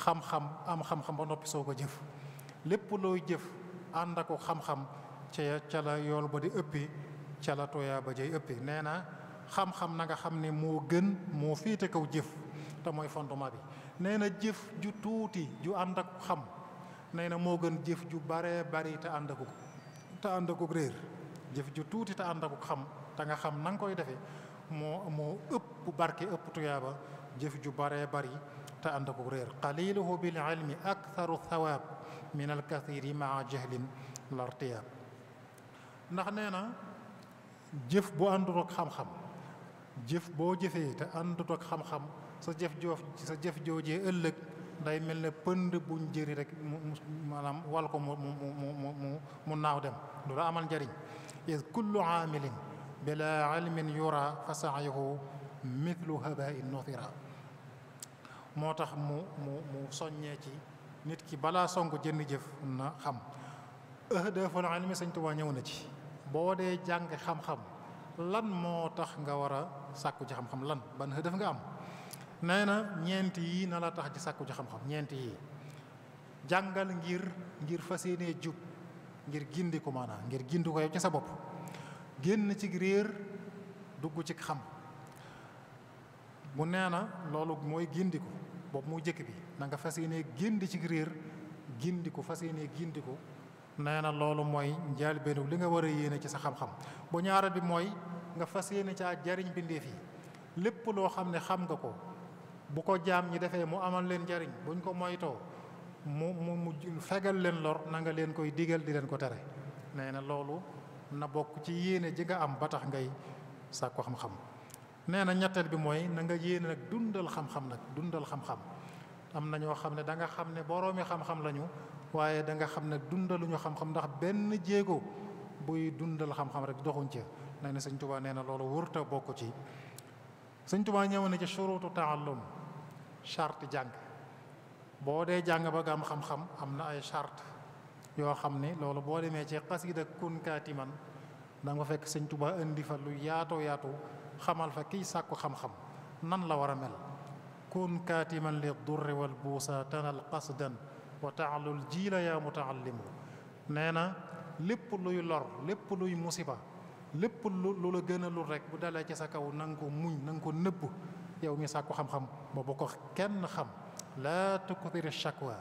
xam-xam am xam-xam ba noppi soo ko jëf lépp looy jëf ànd ak xam-xam ca ca la yool ba di ëppee ca la tooyaa ba jay ëppee nee na xam-xam na nga xam ni moo gën moo féete kaw jëf te mooy fondement bi nee na jëf ju tuuti ju ànd ak xam nee na moo gën jëf ju baree bari te ànd ak te ànd ak réer jëf ju tuuti te ànd ak xam te nga xam na nga koy defee moo moo ëpp barke ëpp tuyaaba jëf ju baree bari te ànd ko réer qaliluhu bil ilmi aktharu thawab min al kathiri maa jahlin lartiyaab ndax nee na jëf bu àndut ak xam-xam jëf boo jëfee te àndut ak xam-xam sa jëf joof sa jëf joojee ëllëg day mel pënd buñ jëri rek mu wal ko mu mu mu mu naaw dem du la amal njariñ is kullu aamilin bila almin yura fa sa'yuhu mithlu haba'in nuthira moo tax mu mu mu soññee ci nit ki balaa song jënd jëf na xam ahdaful ilmi Sëñ Tuubaa ñëw na ci boo dee jàng xam-xam lan moo tax nga war a sàkku ci xam-xam lan ban hëdëf nga am nee na ñeent yi na la tax ci sàkku ci xam-xam ñeent yi jàngal ngir ngir fas yéenee jub ngir gindi ko maanaam ngir gindi ko yow ci sa bopp génn ci réer dugg ci xam mu nee na loolu mooy gindiku boobu muy jëkk bi nanga nga fas yéenee gindi ci réer gindiku fas yéenee gindiku nee na loolu mooy njaal benn li nga war a yéene ci sa xam-xam bu ñaara bi mooy nga fas yéene ca jariñ bindeef yi lépp loo xam ne xam nga ko bu ko jaam ñi defee mu amal leen njariñ buñ ko moytoo mu mu mu fegal leen lor nanga leen koy digal di leen ko tere nee loolu na bokk ci yéene ji nga am ba tax ngay sàkku xam-xam nee na ñetteel bi mooy na nga yéene nag dundal xam-xam nag dundal xam-xam am na ñoo xam ne danga xam ne boroomi xam-xam lañu waaye da nga xam ne dundaluñu xam-xam ndax benn jéego buy dundal xam-xam rek doxuñ ca nee na sëñ Tuubaa nee na loolu wërta bokk ci sëñ Tuubaa ñëw na ci surutu taallum charte jàng boo dee jàng ba nga am xam-xam am na ay charte yo xamne lolu bo demé demee ci xasida kun katiman da nga fekk seigne touba indi fa lu yaatoo yaatu xamal fa ki sàkku xam-xam nan la wara mel kun katiman li durri wal busa tan al qasdan wa ta'lu al yaa ya muta'allim neena lépp luy lor lépp luy musiba lépp lu la gën a rek bu dalé ci sa kaw nang ko muñ nang ko neub yow mi sàkku xam-xam ba bokk kenn xam la tukthir ash shakwa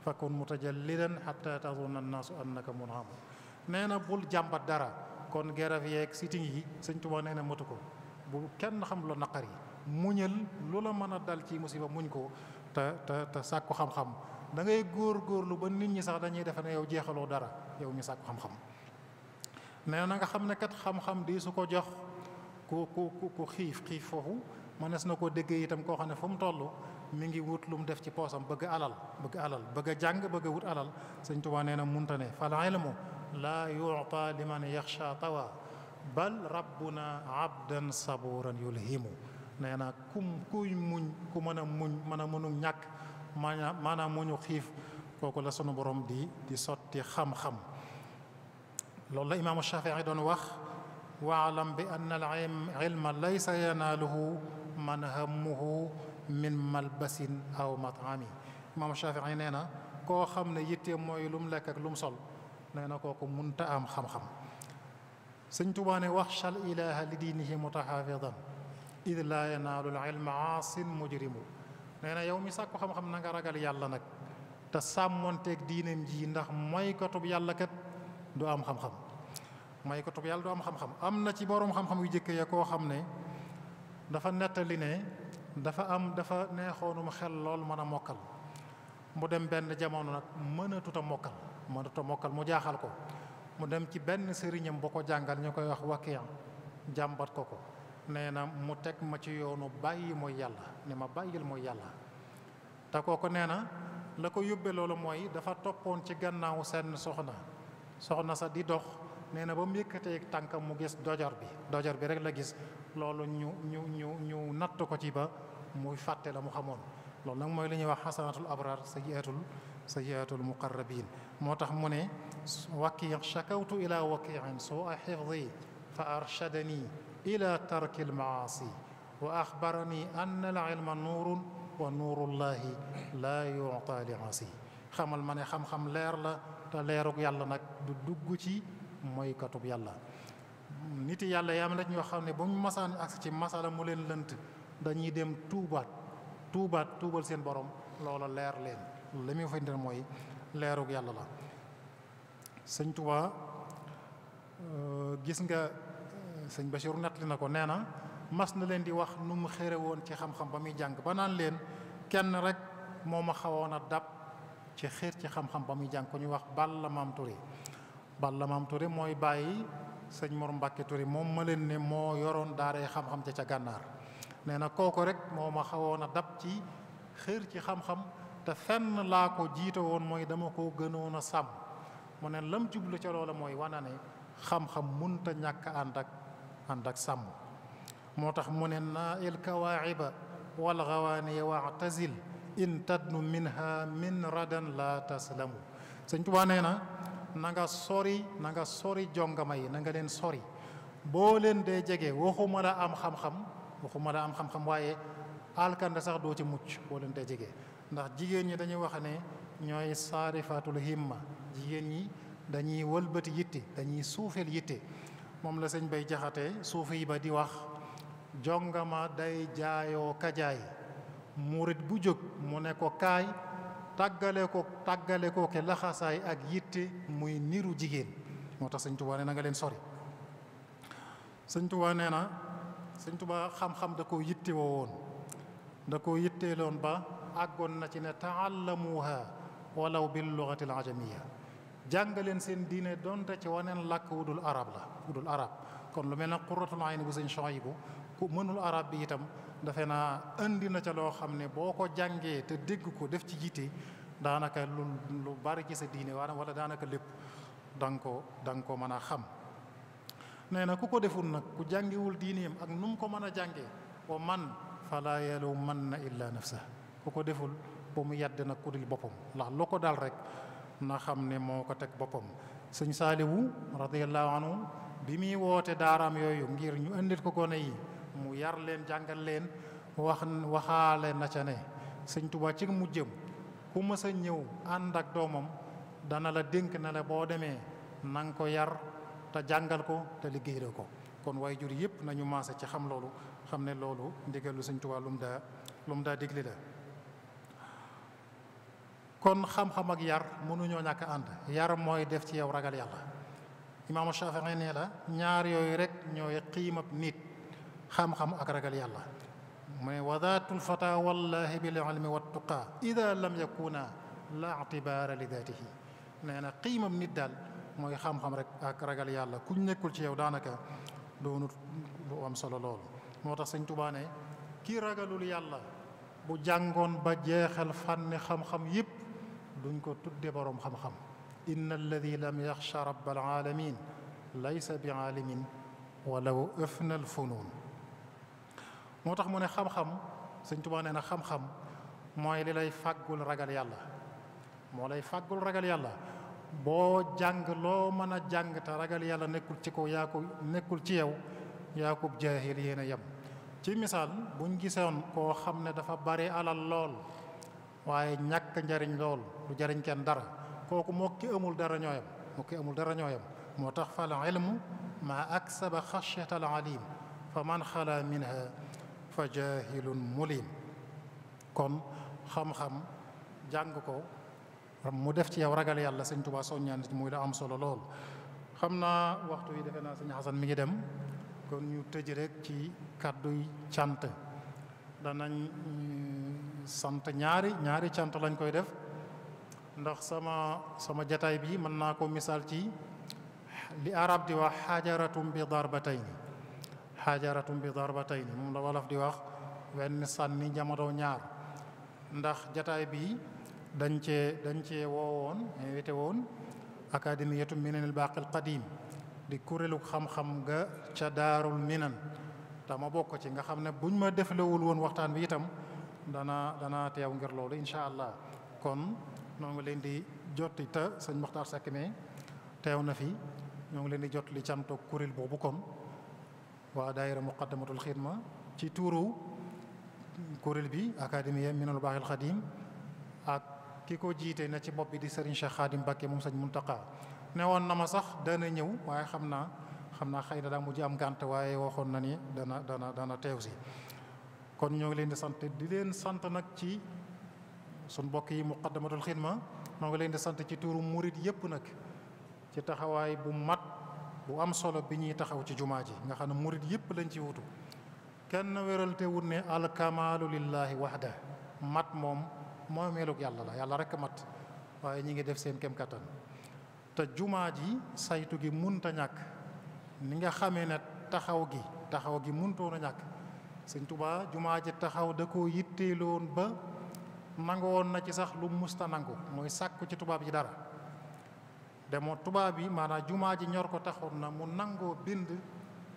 fakun mutajallidan hatta tazunna annaasu annaka munham nee na bul jàmbat dara kon geraf yeeg sitting yi sëñ Tuubaa nee na matu ko bu kenn xam lu naqar yi muñal lu la mën a dal ci musiba muñ ko te te sàkku xam-xam da góor-góorlu ba nit ñi sax dañuy defe ne yow jeexaloo dara yow mi sàkku xam-xam nee na nga xam ne kat xam-xam di su ko jox ku ku ku xiif xiif foofu nees na koo déggee itam koo xam ne fu mu toll mingi wut lum def ci posam bëgg alal bëgg alal bëgg jàng bëgg wut alal sëñ Tuubaa neena na munta ne fal ilmu la yuta liman yakhsha tawa bal rabbuna abdan saburan yulhimu neena kum kuy muñ ku mën muñ mën a mënu ñàkk maanaam muñu xiif kooku la sunu borom di di soti xam-xam loolu la imam Shafii don wax waalam bi anna al ilma laysa yanaluhu man hammuhu من ملبس أو مطعم ما مشاف عينينا كو خم نيت موي لوم لك ak لوم سول نانا كوكو مونتا ام خم خم سيغ توبا ني واخ شال اله لدينه متحافظا اذ لا ينال العلم عاص مجرم نانا يومي ساكو خم خم نغا راغال يالا نك تا سامونتيك دينم جي ندخ موي كتب يالا كات دو ام خم خم موي كتب يالا دو ام خم خم امنا سي بوروم خم خم وي جيك يا كو خم ني دا فا نتالي ني dafa am dafa neexoonum xel lool mën a mokkal mu dem benn jamono nag mënatuta a mokkal mënatut mokkal mu jaaxal ko mu dem ci benn sëriñam bu ko jàngal ñu koy wax wakiyan jàmbat ko ko nee na mu teg ma ci yoonu bàyyi mooy yàlla ne ma bàyyil mooy yàlla te kooku nee na la ko yóbbee loolu mooy dafa toppoon ci gannaaw seen soxna soxna sa di dox nee na ba mu yëkkatee tànkam mu gis dojar bi dojar bi rek la gis loolu ñu ñu ñu ñu natt ko ci ba muy fàtte la mu xamoon loolu nag mooy li ñuy wax xasanatul abraar sayyiatul sayyiatul muqarrabin moo tax mu ne wakii shakawtu ila wakiin suu a xifdi fa arshadani ila tarki almaasi wa axbarani anna al ilma nuurun wa nuurullahi laa yuta li asi xamal ma ne xam-xam leer la te leerug yàlla nag du dugg ci mooykatub yàlla nit yàlla yaa am na ñoo xam ne mu ñu masaan ak ci masala mu leen lënt dañuy dem tuubaat tuubaat tuubal seen borom loola leer leen li muy fayndeel mooy leeru yàlla la sëñ Tuubaa euh, gis nga euh, sëñ natt nettali na ko nee na mas na leen di wax nu mu xére woon ci xam-xam ba muy jàng ba naan leen kenn rek moo ma xawoon a dab ci xéer ci xam-xam ba muy jàng ku ñuy wax Balla Maam Touré Balla mooy bàyyi sëñ Mor Mbacke Touré moom ma leen ne moo yoroon daaree xam-xam ca ca gànnaar nee na kooku rek moo ma xawoon a dab ci xër ci xam-xam te fenn laa ko jiite woon mooy dama ko gënoon a sàmm mu ne lam jublu ca loola mooy wana ne xam-xam munta ñàkk ànd ak ànd ak sàmm moo tax mu ne naa il kawaaxiba wal xawaani waatazil in tadnu minha min radan la taslamu sëñ Tuubaa na nanga nga sori na sori jongama yi nanga nga leen sori boo leen dee jege waxuma la am xam-xam waxuma la am xam waaye alkande sax doo ci mucc boo leen dee jege ndax jigéen ñi dañuy wax ne ñooy saarifatul himma jigéen ñi dañuy walbati yitte dañuy suufeel yitte moom la sëñ bay jaxate suufi ba di wax jongama day jaayoo kajaay murit bu jóg mu ne ko kaay tagale ko tagale ko ke laxasaay ak yitte muy niru jigen moo seigne touba Tuubaa nga len sori seigne touba nee na sëñ xam-xam da ko yitte woo woon da yitte lon ba agon na ci ne taallamuha walaw bil lughati al ajamiya jàngaleen seen diine donte ci wonen lak wudul arab la wudul arab kon lu melna qurratul ayni bu seigne Shuaybu ko mënul arab bi itam defe naa indi na ca loo xam ne boo ko jàngee te dégg ko def ci jiite daanaka lu lu bari ci sa diine wala daanaka lépp da ko da ko mën a xam nee na ku ko deful nag ku jàngewul diineem ak nu mu ko mën a jàngee wa man fala yalu man na illa sax ku ko deful ba mu yàdd na ku dul boppam ndax loo ko dal rek na xam ne moo ko teg boppam sëñ saaliwu radiallahu anhu bi muy woote daaraam yooyu ngir ñu indil ko gone yi mu yar leen jàngal leen wax waxaale na ca ne sëñ Tuubaa ci mu jëm ku mës a ñëw ànd ak doomam dana la dénk na la boo demee nang ko yar te jàngal ko te liggéeyal ko kon waaye jur yëpp nañu maase ci xam loolu xam ne loolu ndigalu sëñ Tuubaa lu mu daa lu mu daa digli la kon xam-xam ak yar mënuñoo ñàkk ànd yar mooy def ci yow ragal yàlla imaamu Shaafi'i nee la ñaar yooyu rek ñooy xiimab nit xam-xam ak ragal yàlla mu ne wadaatul fata wallahi bil ilmi wattuqaa ida lam yakuna la atibaara li daatihi nee na qiimam nit daal mooy xam-xam rek ak ragal yàlla kuñ nekkul ci yow daanaka doonut lu am solo loolu moo tax sëñ Tuubaa ne ki ragalul yàlla bu jàngoon ba jeexal fànni xam-xam yépp duñ ko tudde boroom xam-xam inna alladi lam yaxsha rabbal alamin laysa bi aalimin walaw ëfna al funuun motax tax mu ne xam-xam sëñ Tuubaa ne na xam-xam moy li lay fagul ragal yàlla mo lay fagul ragal yàlla bo jàng lo meuna jàng ta ragal yàlla nekul ci ko ya ko nekul ci yow yaa ko jaahil yéen a ci misal buñu gisoon koo xam ne dafa bari alal lol waye ñak njariñ lol du jariñ ken dara koku mo ki amul dara ñoyam mo ki amul dara ñoyam motax tax fal ilmu ma aksaba khashyata al alim fa man xala minha fa jaahilun mulim kon xam-xam jàng ko mu def ci yaw ragal yàlla sëñ Tuubaa soññaan ci muy la am solo lool xam naa waxtu yi defe naa sëñ Xasan mi ngi dem kon ñu tëj rek ci kàdduy cant danañ euh, sant ñaari ñaari cant lañ koy def ndax sama sama jataay bi mën naa ko misaal ci li arab di wax xaajaratum bi darbatayn xaajaratum bi darbatay ni moom la wolof di wax wenn sànni jamono ñaar ndax jataay bii dañ cee dañ cee woowoon invité woon académiatu minanil baqil qadim di kuréelu xam-xam nga ca daarul minan dama bokko ci nga xam ne buñ ma deflewul woon waxtaan bi itam dana dana teew ngir loolu incha allah kon ñoo ngi leen di jotti te sëñ Moxtaar Seck mee teew na fi ñoo ngi leen di jot li cantoog kuréel boobu kon waa daayira muqaddamatul xidma ci tuuru kuréel bi académie minal baaxil xadim ak ki ko jiitee na ci bopp bi di Serigne Cheikh Khadim Mbacké moom sëñ Muntaqa ne woon na ma sax dana ñëw waaye xam naa xam naa xëy na daa mujj am gànt waaye waxoon na ni dana dana dana teew si kon ñoo ngi leen di sant di leen sant nag ci suñ mbokk yi muqaddamatul xidma ñoo ngi leen di sant ci tuuru murit yépp nag ci taxawaay bu mat bu am solo bi ñuy taxaw ci jumaa ji nga xam ne murit yëpp lañ ci wutu kenn wéralte wut ne alkamaalu lillahi wahda mat moom moo meelug yàlla la yàlla rek mat waaye ñi ngi def seen kem kattan te jumaa ji saytu gi munta ñàkk ni nga xamee ne taxaw gi taxaw gi muntoon a ñàkk sëñ Tuubaa jumaa ji taxaw da koo yitteeloon ba nangoon na ci sax lu musta nangu mooy sàkk ci tubaab yi dara demoo tubaab yi maanaam jumaa ji ñor ko taxoon na mu nangoo bind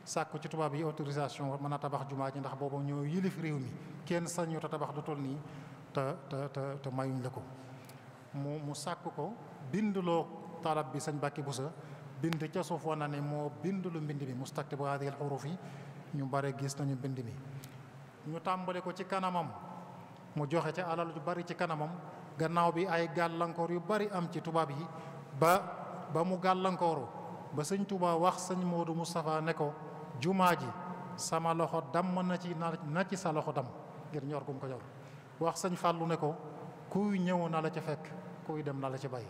sàkku ci tubaab yi autorisation mën a tabax jumaa ji ndax boobu ñoo yilif réew mi kenn sañu te tabax du toll nii te te te mayuñ la ko mu sàkk ko bindloo talab bi sañ Bàkki Busa bind ca suuf wana ne moo bind lu mbind mi mustaktibu haadihi al xuruf yi ñu bare gis nañu mbind mi ñu tàmbali ko ci kanamam mu joxe ca alal ju bari ci kanamam gannaaw bi ay gàllankoor yu bari am ci tubaab yi ba mu gàllankooru ba sëñ Touba wax sëñ Modou mustafaa ne ko jumaa ji sama loxo damm na ci na ci sa loxo damm ngir ñor gum ko ñor wax sañ Fallou ne ko kuy ñëw na la ca fekk kuy dem na la ca bàyyi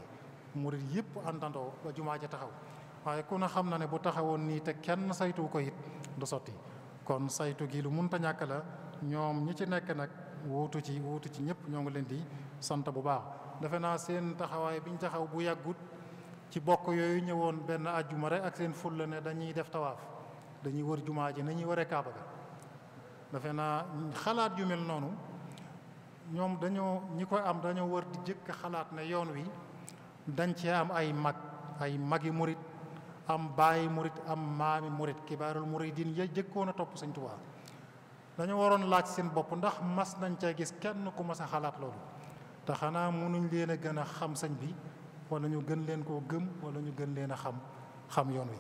murit yëpp àndandoo ba jumaa ji taxaw waaye ku ne xam na ne bu taxawoon nii te kenn saytu ko it du sotti kon saytu gi lu mun munta ñàkk la ñoom ñi ci nekk nag wuutu ci wuutu ci ñëpp ñoo ngi leen di sant bu baax defe naa seen taxawaay biñ taxaw bu yàggut ci bokk yooyu ñëwoon benn ajjuma rek ak seen fulla ne dañuy def tawaaf dañuy wër jumaa ji nañuy waree kaaba ga defe naa xalaat yu mel noonu ñoom dañoo ñi koy am dañoo war di jëkk xalaat ne yoon wi dañ cee am ay mag ay magi murit am bàyyi murit am maami murit kibaarul muridin ya jëkkoon a topp Sëñ Tuubaa dañoo waroon laaj seen bopp ndax mas nañ cee gis kenn ku mas a xalaat loolu te xanaa mënuñ leen a gën a xam sañ bi wala ñu gën leen koo gëm wala ñu gën leen a xam xam yoon wi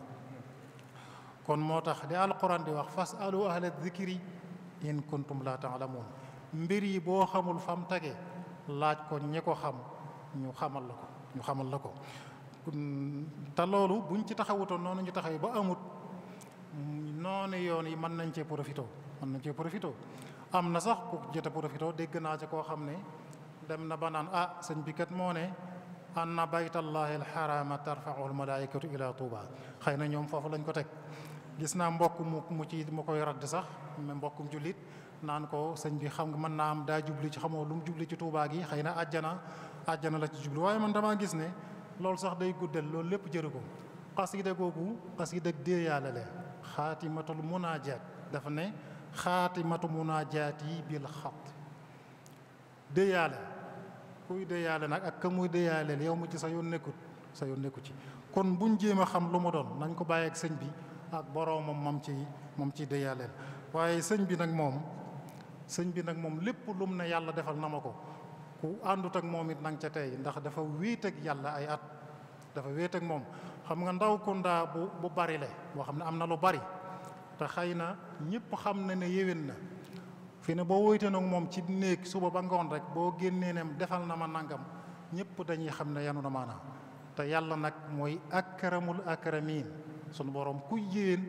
kon moo tax di alquran di wax fas alu ahla dikri in kuntum la moom mbir yi boo xamul fam tagee laaj ko ñi ko xam ñu xamal la ko la ko te loolu buñ ci taxawutoon noonu ñu taxawee ba amut noonu yoon yi mën nañ cee profito mën nañ cee profito am na sax ku jot a profito dégg naa ci koo xam ne dem na ba naan ah sëñ bi moo ne ان بيت الله الحرام ترفعه الملائكه الى طوبى خينا نيوم فوفو لنجو تك غيسنا مبوك مو سي مكو يرد صح مي مبوك جوليت نانكو سنج بي خمغ من نام دا جوبلي سي خمو لوم جوبلي سي طوبى غي خينا اجانا اجانا لا سي جوبلي واي مان داما غيس ني لول صح داي غودل لول ليب جيرغو قصيده غوغو قصيده ديالاله خاتمه المناجات دافني خاتمه المناجات بالخط ديالاله kuy deyaale nag ak ka muy deyaaleel yow mu ci sa yoon nekkut sa yoon nekku ci kon buñ jéem a xam lu ma doon nañ ko bàyyi ak sëñ bi ak boroomam moom ci moom ci deyaaleel waaye sëñ bi nag moom sëñ bi nag moom lépp lu mu ne yàlla defal na ma ko ku àndut ak moom it nang ca tey ndax dafa wéet ak yàlla ay at dafa wéet ak moom xam nga ndaw kundaa bu bu bari le boo xam ne am na lu bari te xëy na ñëpp xam na ne yéwén na fii ne boo woytenoog moom ci néeg suba ba ngoon rek boo génnee nem defal na ma nangam ñëpp dañuy xam ne yanu na maanaam te yàlla nag mooy akramul akramin sunu borom ku yéen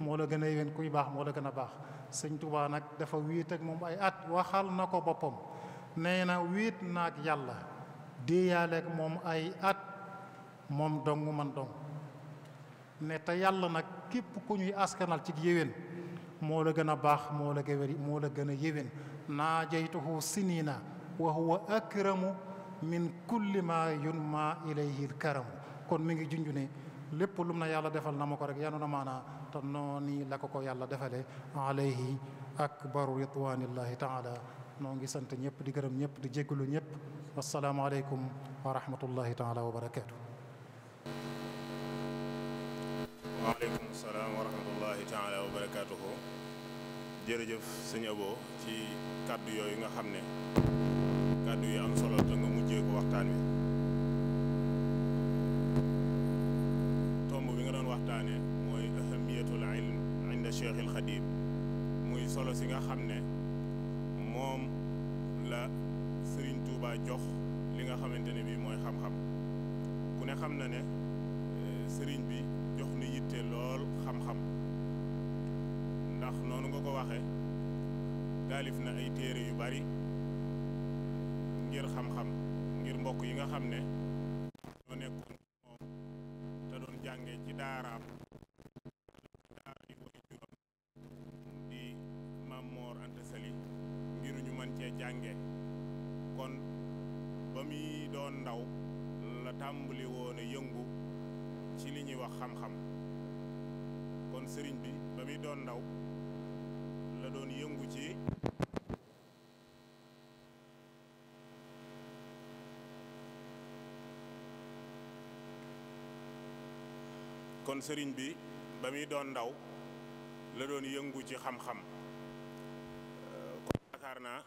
moo la gën a yéen kuy baax moo la gën a baax sëñ Tuubaa nag dafa wéet ak moom ay at waxal na ko boppam nee na wéet naag yàlla déeyaaleeg moom ay at moom dong man dong ne te yàlla nag képp ku ñuy askanal ci yéwén moo la gën a baax moo la gëwéri moo la gën a yéwén naajaytuhu sinina wa huwa akramu min kulli ma yunma ilayhi karamu kon mi ngi junju ne lépp lum na yàlla defal na ma ko rek yanu na maanaa te noonu ko yàlla defalee alayhi akbaru ridwanillahi taala noo ngi sant ñëpp di gërëm ñëpp di jéggalu ñëpp wasalaamaaleykum wa rahmatullahi taala wa barakaatu. waaleykum wa rahmatulah. taala wa barakaatuhu jërëjëf sëñ ci kàddu yooyu nga xam ne kàddu yu am solo te nga mujjee ko waxtaan wi tomb bi nga doon waxtaane mooy ahamiyatul ilm muy solo si nga xam ne moom la sëriñ Touba jox li nga xamante ne bii mooy xam-xam ku ne xam na ne eh, sëriñ bi jox na yitte lool xam-xam ndax noonu nga ko waxe taalif na ay téere yu bari ngir xam-xam ngir mbokk yi nga xam ne ñoo nekkoon moom te doon jànge ci daaraam di Mamor Anta Sali ñu man cee jànge kon ba muy doon ndaw la tàmbali woon yëngu ci li ñuy wax xam-xam kon sëriñ bi ba muy doon ndaw doon yëngu ci kon sëriñ bi ba muy doon ndaw la doon yëngu ci xam-xam euh, kon yaakaar naa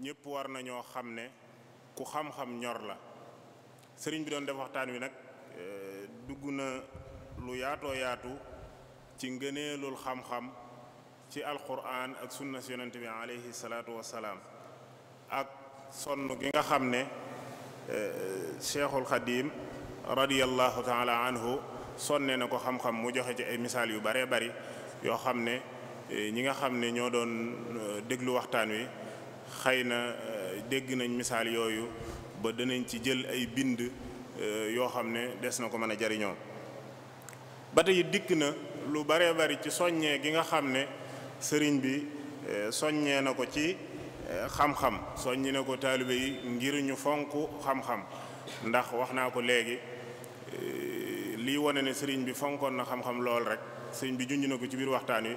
ñëpp war nañoo xam ne ku xam-xam ñor la sëriñ bi doon def waxtaan wi nag euh, dugg na lu yaatoo yaatu ci ngëneelul xam-xam ci alquran ak sunna si yonent bi alayhi salaatu wasalaam ak sonn gi nga xam ne eh, cheikhul xadim radiallahu taala anhu sonne na ko xam-xam mu joxe ci ay misaal yu baree bari yoo xam ne eh, ñi nga xam ne ñoo doon eh, déglu waxtaan wi xëy na dégg nañ misaal yooyu ba danañ ci jël ay bind yoo xam ne des na ko mën a jariñoo ba tey dikk na lu baree bari ci soññee gi nga xam ne sëriñ bi eh, soññee na ko ci eh, xam-xam soññi na ko taalibe yi ngir ñu fonk xam-xam ndax wax naa ko léegi eh, lii wane ne sëriñ bi fonkoon na xam-xam lool rek sëriñ bi junj na ko ci biir waxtaan wi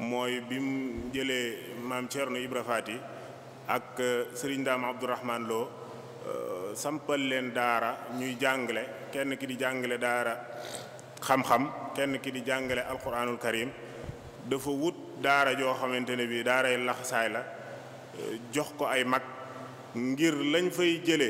mooy bi mu jëlee maam Thierno Ibra Faati ak sëriñ daam Abdourahman Lo sampal leen daara ñuy jàngale kenn ki di jàngale daara xam-xam kenn ki di jàngale alquranul karim dafa wut daara joo xamante ne bii daaray laxasaay la eh, jox ko ay mag ngir lañ fay jële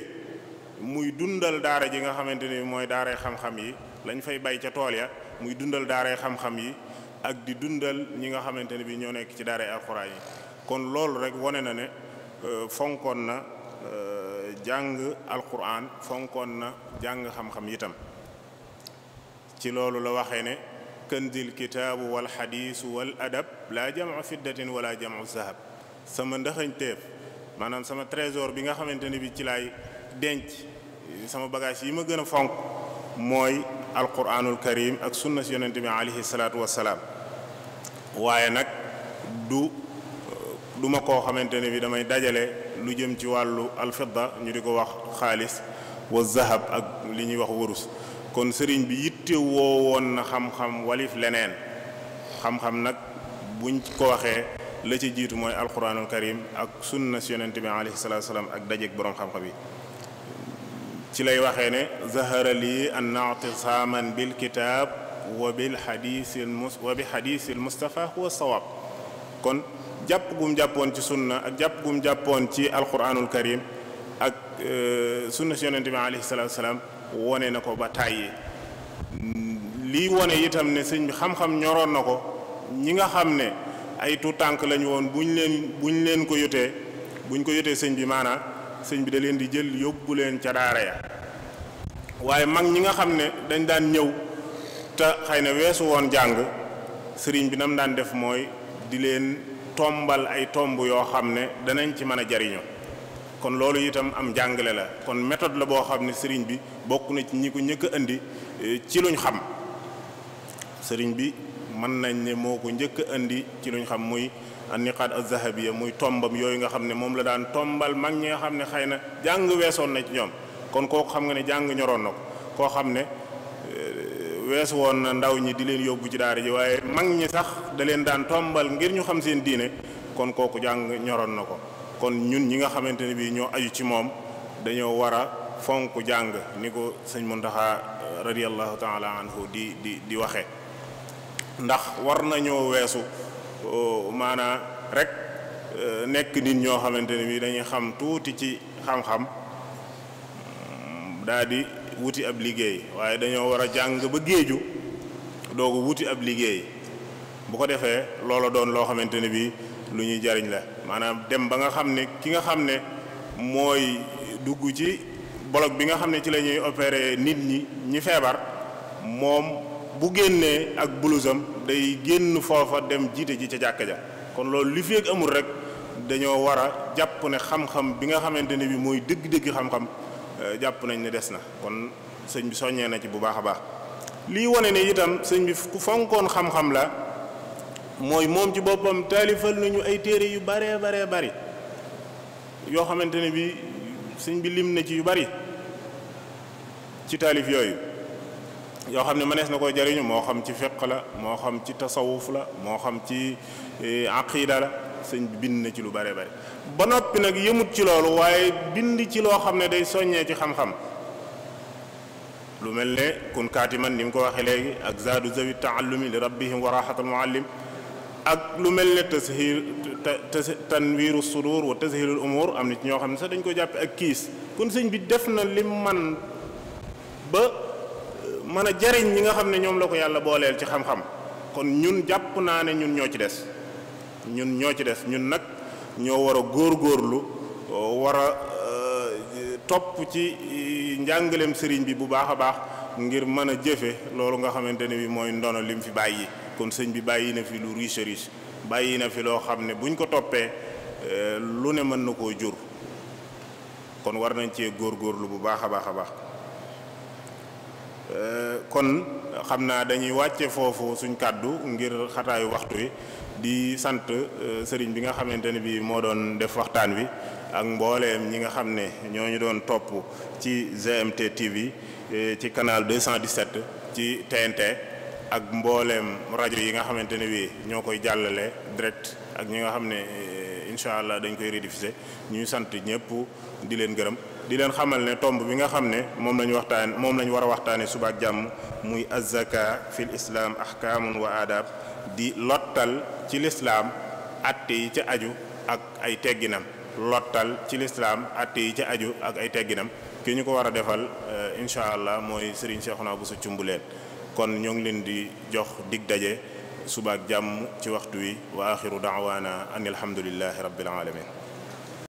muy dundal daara ji nga xamante ne mooy daaray xam-xam yi lañ fay bay ca tool ya muy dundal daaray xam-xam yi ak di dundal ñi nga xamante ne bii ñoo nekk ci daaray alxuraan yi kon loolu rek wane na ne eh, fonkoon na eh, jàng alxuraan fonkoon na jàng xam-xam itam ci loolu la waxee ne. كنز الكتاب والحديث والادب لا جمع فدة ولا جمع ذهب سما ندخن تيف مانام سما تريزور بيغا خامتاني بي تي دنج سما باغاش ييما غن فونك موي القران الكريم اك سنه يونتبي عليه الصلاه والسلام وايي نك دو duma ko xamantene bi damay dajale lu jëm ci walu al fidda ñu diko wax khalis wa zahab ak li ñi wax wurus kon serigne bi yittewoo woon na xam-xam walif leneen xam-xam nag buñ ko waxee la ci jiitu mooy alquranul karim ak sunna si yonente bi alayhi salatu salaam ak dajeeg borom xam-xam yi ci lay waxee ne zahara lii an naatisaaman bil kitaab wa bil xadiisi mus wa bi xadiisi mustafa huwa sawaab kon jàpp gum jàppoon ci sunna ak jàpp gum jàppoon ci alquranul karim ak sunna si yonente bi alayhi salatu salaam wone na ko ba tàyyi lii wone itam ne sëñ bi xam-xam ñoroon na ko ñi nga xam ne ay tuut tànk lañu woon bu ñu leen bu leen ko yotee buñ ko yotee sëñ bi maanaa sëñ bi da leen di jël yóbbu leen ca daara ya waaye mag ñi nga xam ne dañ daan ñëw te xëy na weesu woon jàng sëriñ bi nam daan def mooy di leen tombal ay tomb yoo xam ne danañ ci mën a jariñoo kon loolu itam am jàngale la kon méthode la boo xam ne sëriñ bi bokk na ci ñi ko ñëkk indi eh, ci luñ xam sëriñ bi mën nañ ne moo ko njëkk indi ci luñ xam muy anniqaat az-zahabiya muy tombam yooyu nga xam ne moom la daan tombal mag ñi nga xam ne xëy na jàng weesoon na ci ñoom kon kooku xam nga ne jàng ñoroon na ko koo xam ne euh, wees woon ndaw ñi di leen yóbbu ci daara ji waaye mag ñi sax da leen daan tombal ngir ñu xam seen diine kon kooku jàng ñoroon na ko kon ñun ñi nga xamante ne bii ñoo aju ci moom dañoo war a fonk jàng ni ko sëñ Muntaxa euh, radiyallahu taala anhu di di di waxe ndax war nañoo weesu euh, maanaa rek euh, nekk nit ñoo xamante ne bi dañuy xam tuuti ci xam-xam mm, daal di wuti ab liggéey waaye dañoo war a jàng ba géeju doogu wuti ab liggéey bu ko defee loola doon loo xamante ne bi lu ñuy jariñ la maanaam dem ba nga xam ne ki nga xam ne mooy dugg ci bloc bi nga xam ne ci la ñuy opérer nit ñi ñi feebar mom bu génnee ak bulusam day génn foofa dem jiite ji ca jàkka ja kon loolu li feeg amul rek dañoo war a jàpp ne xam-xam bi nga xamante ne bi mooy dëgg-dëgg xam-xam euh, jàpp nañ ne des na kon sëñ bi soññee na ci bu baax a baax lii wane ne itam sëñ bi ku fonkoon xam-xam la mooy moom ci boppam taalifal nañu ay téere yu baree baree bari yoo xamante ne bi sëñ bi lim na ci yu bari ci taalif yooyu yo xam manes mënees jariñu mo xam ci fiqh la mo xam ci tasawuf la mo xam ci aqida la sëñ bi bind ci lu bare bare ba nopi nak yëmut ci lolu waye bind ci lo xamne day soñé ci xam-xam lu melne kun katiman nim ko waxe legi ak zadu zawi taallumi li rabbihim wa raxatal muallim ak lu melne ne tashir tanwiru surur wa al umur am na ci ñoo xamne sa dañ ko japp ak kiss kun sëñ bi def na lim man ba mën a jariñ ñi nga xam ne ñoom la ko yàlla booleel ci xam-xam kon ñun jàpp naa ne ñun ñoo ci des ñun ñoo ci des ñun nag ñoo war a góorgóorlu war a euh, topp ci euh, njàngaleem sëriñ bi bu baax a baax ngir mën a jëfe loolu nga xamante ne bi mooy ndono lim fi bàyyi kon sëñ bi bàyyi na fi lu riche riche bàyyi na fi loo xam ne buñ ko toppee euh, lu ne mën na koo jur kon war nañ cee góor góorgóorlu bu baax a baax a baax Euh, kon xam naa dañuy wàcce foofu suñ kàddu ngir xataayu waxtu wi di sant euh, sëriñ bi nga xamante ne bii moo doon def waxtaan wi ak mbooleem ñi nga xam ne ñoo ñu doon topp ci GMT TV euh, ci canal 217 ci TNT ak mbooleem rajo yi nga xamante ne bii ñoo koy jàllale direct ak ñi nga xam ne incha allah dañ koy rediffuser ñuy sant ñëpp di leen gërëm. di len xamal ne tomb bi nga xamne mom lañ waxtaan mom lañ wara a waxtaane suba ak jàmm muy azaka fil islam ahkam wa adab di lotal ci l'islam atti ci aju ak ay tegginam lotal ci l'islam atti ci aju ak ay tegginam ki ñu ko war defal inshallah moy serigne Serigne Cheikhouna Bousso Cumbuleen kon ñu ngi len di jox dig daje suba ak jàmm ci waxtu wi wa akhiru da'wana anil hamdulillahi rabbil alamin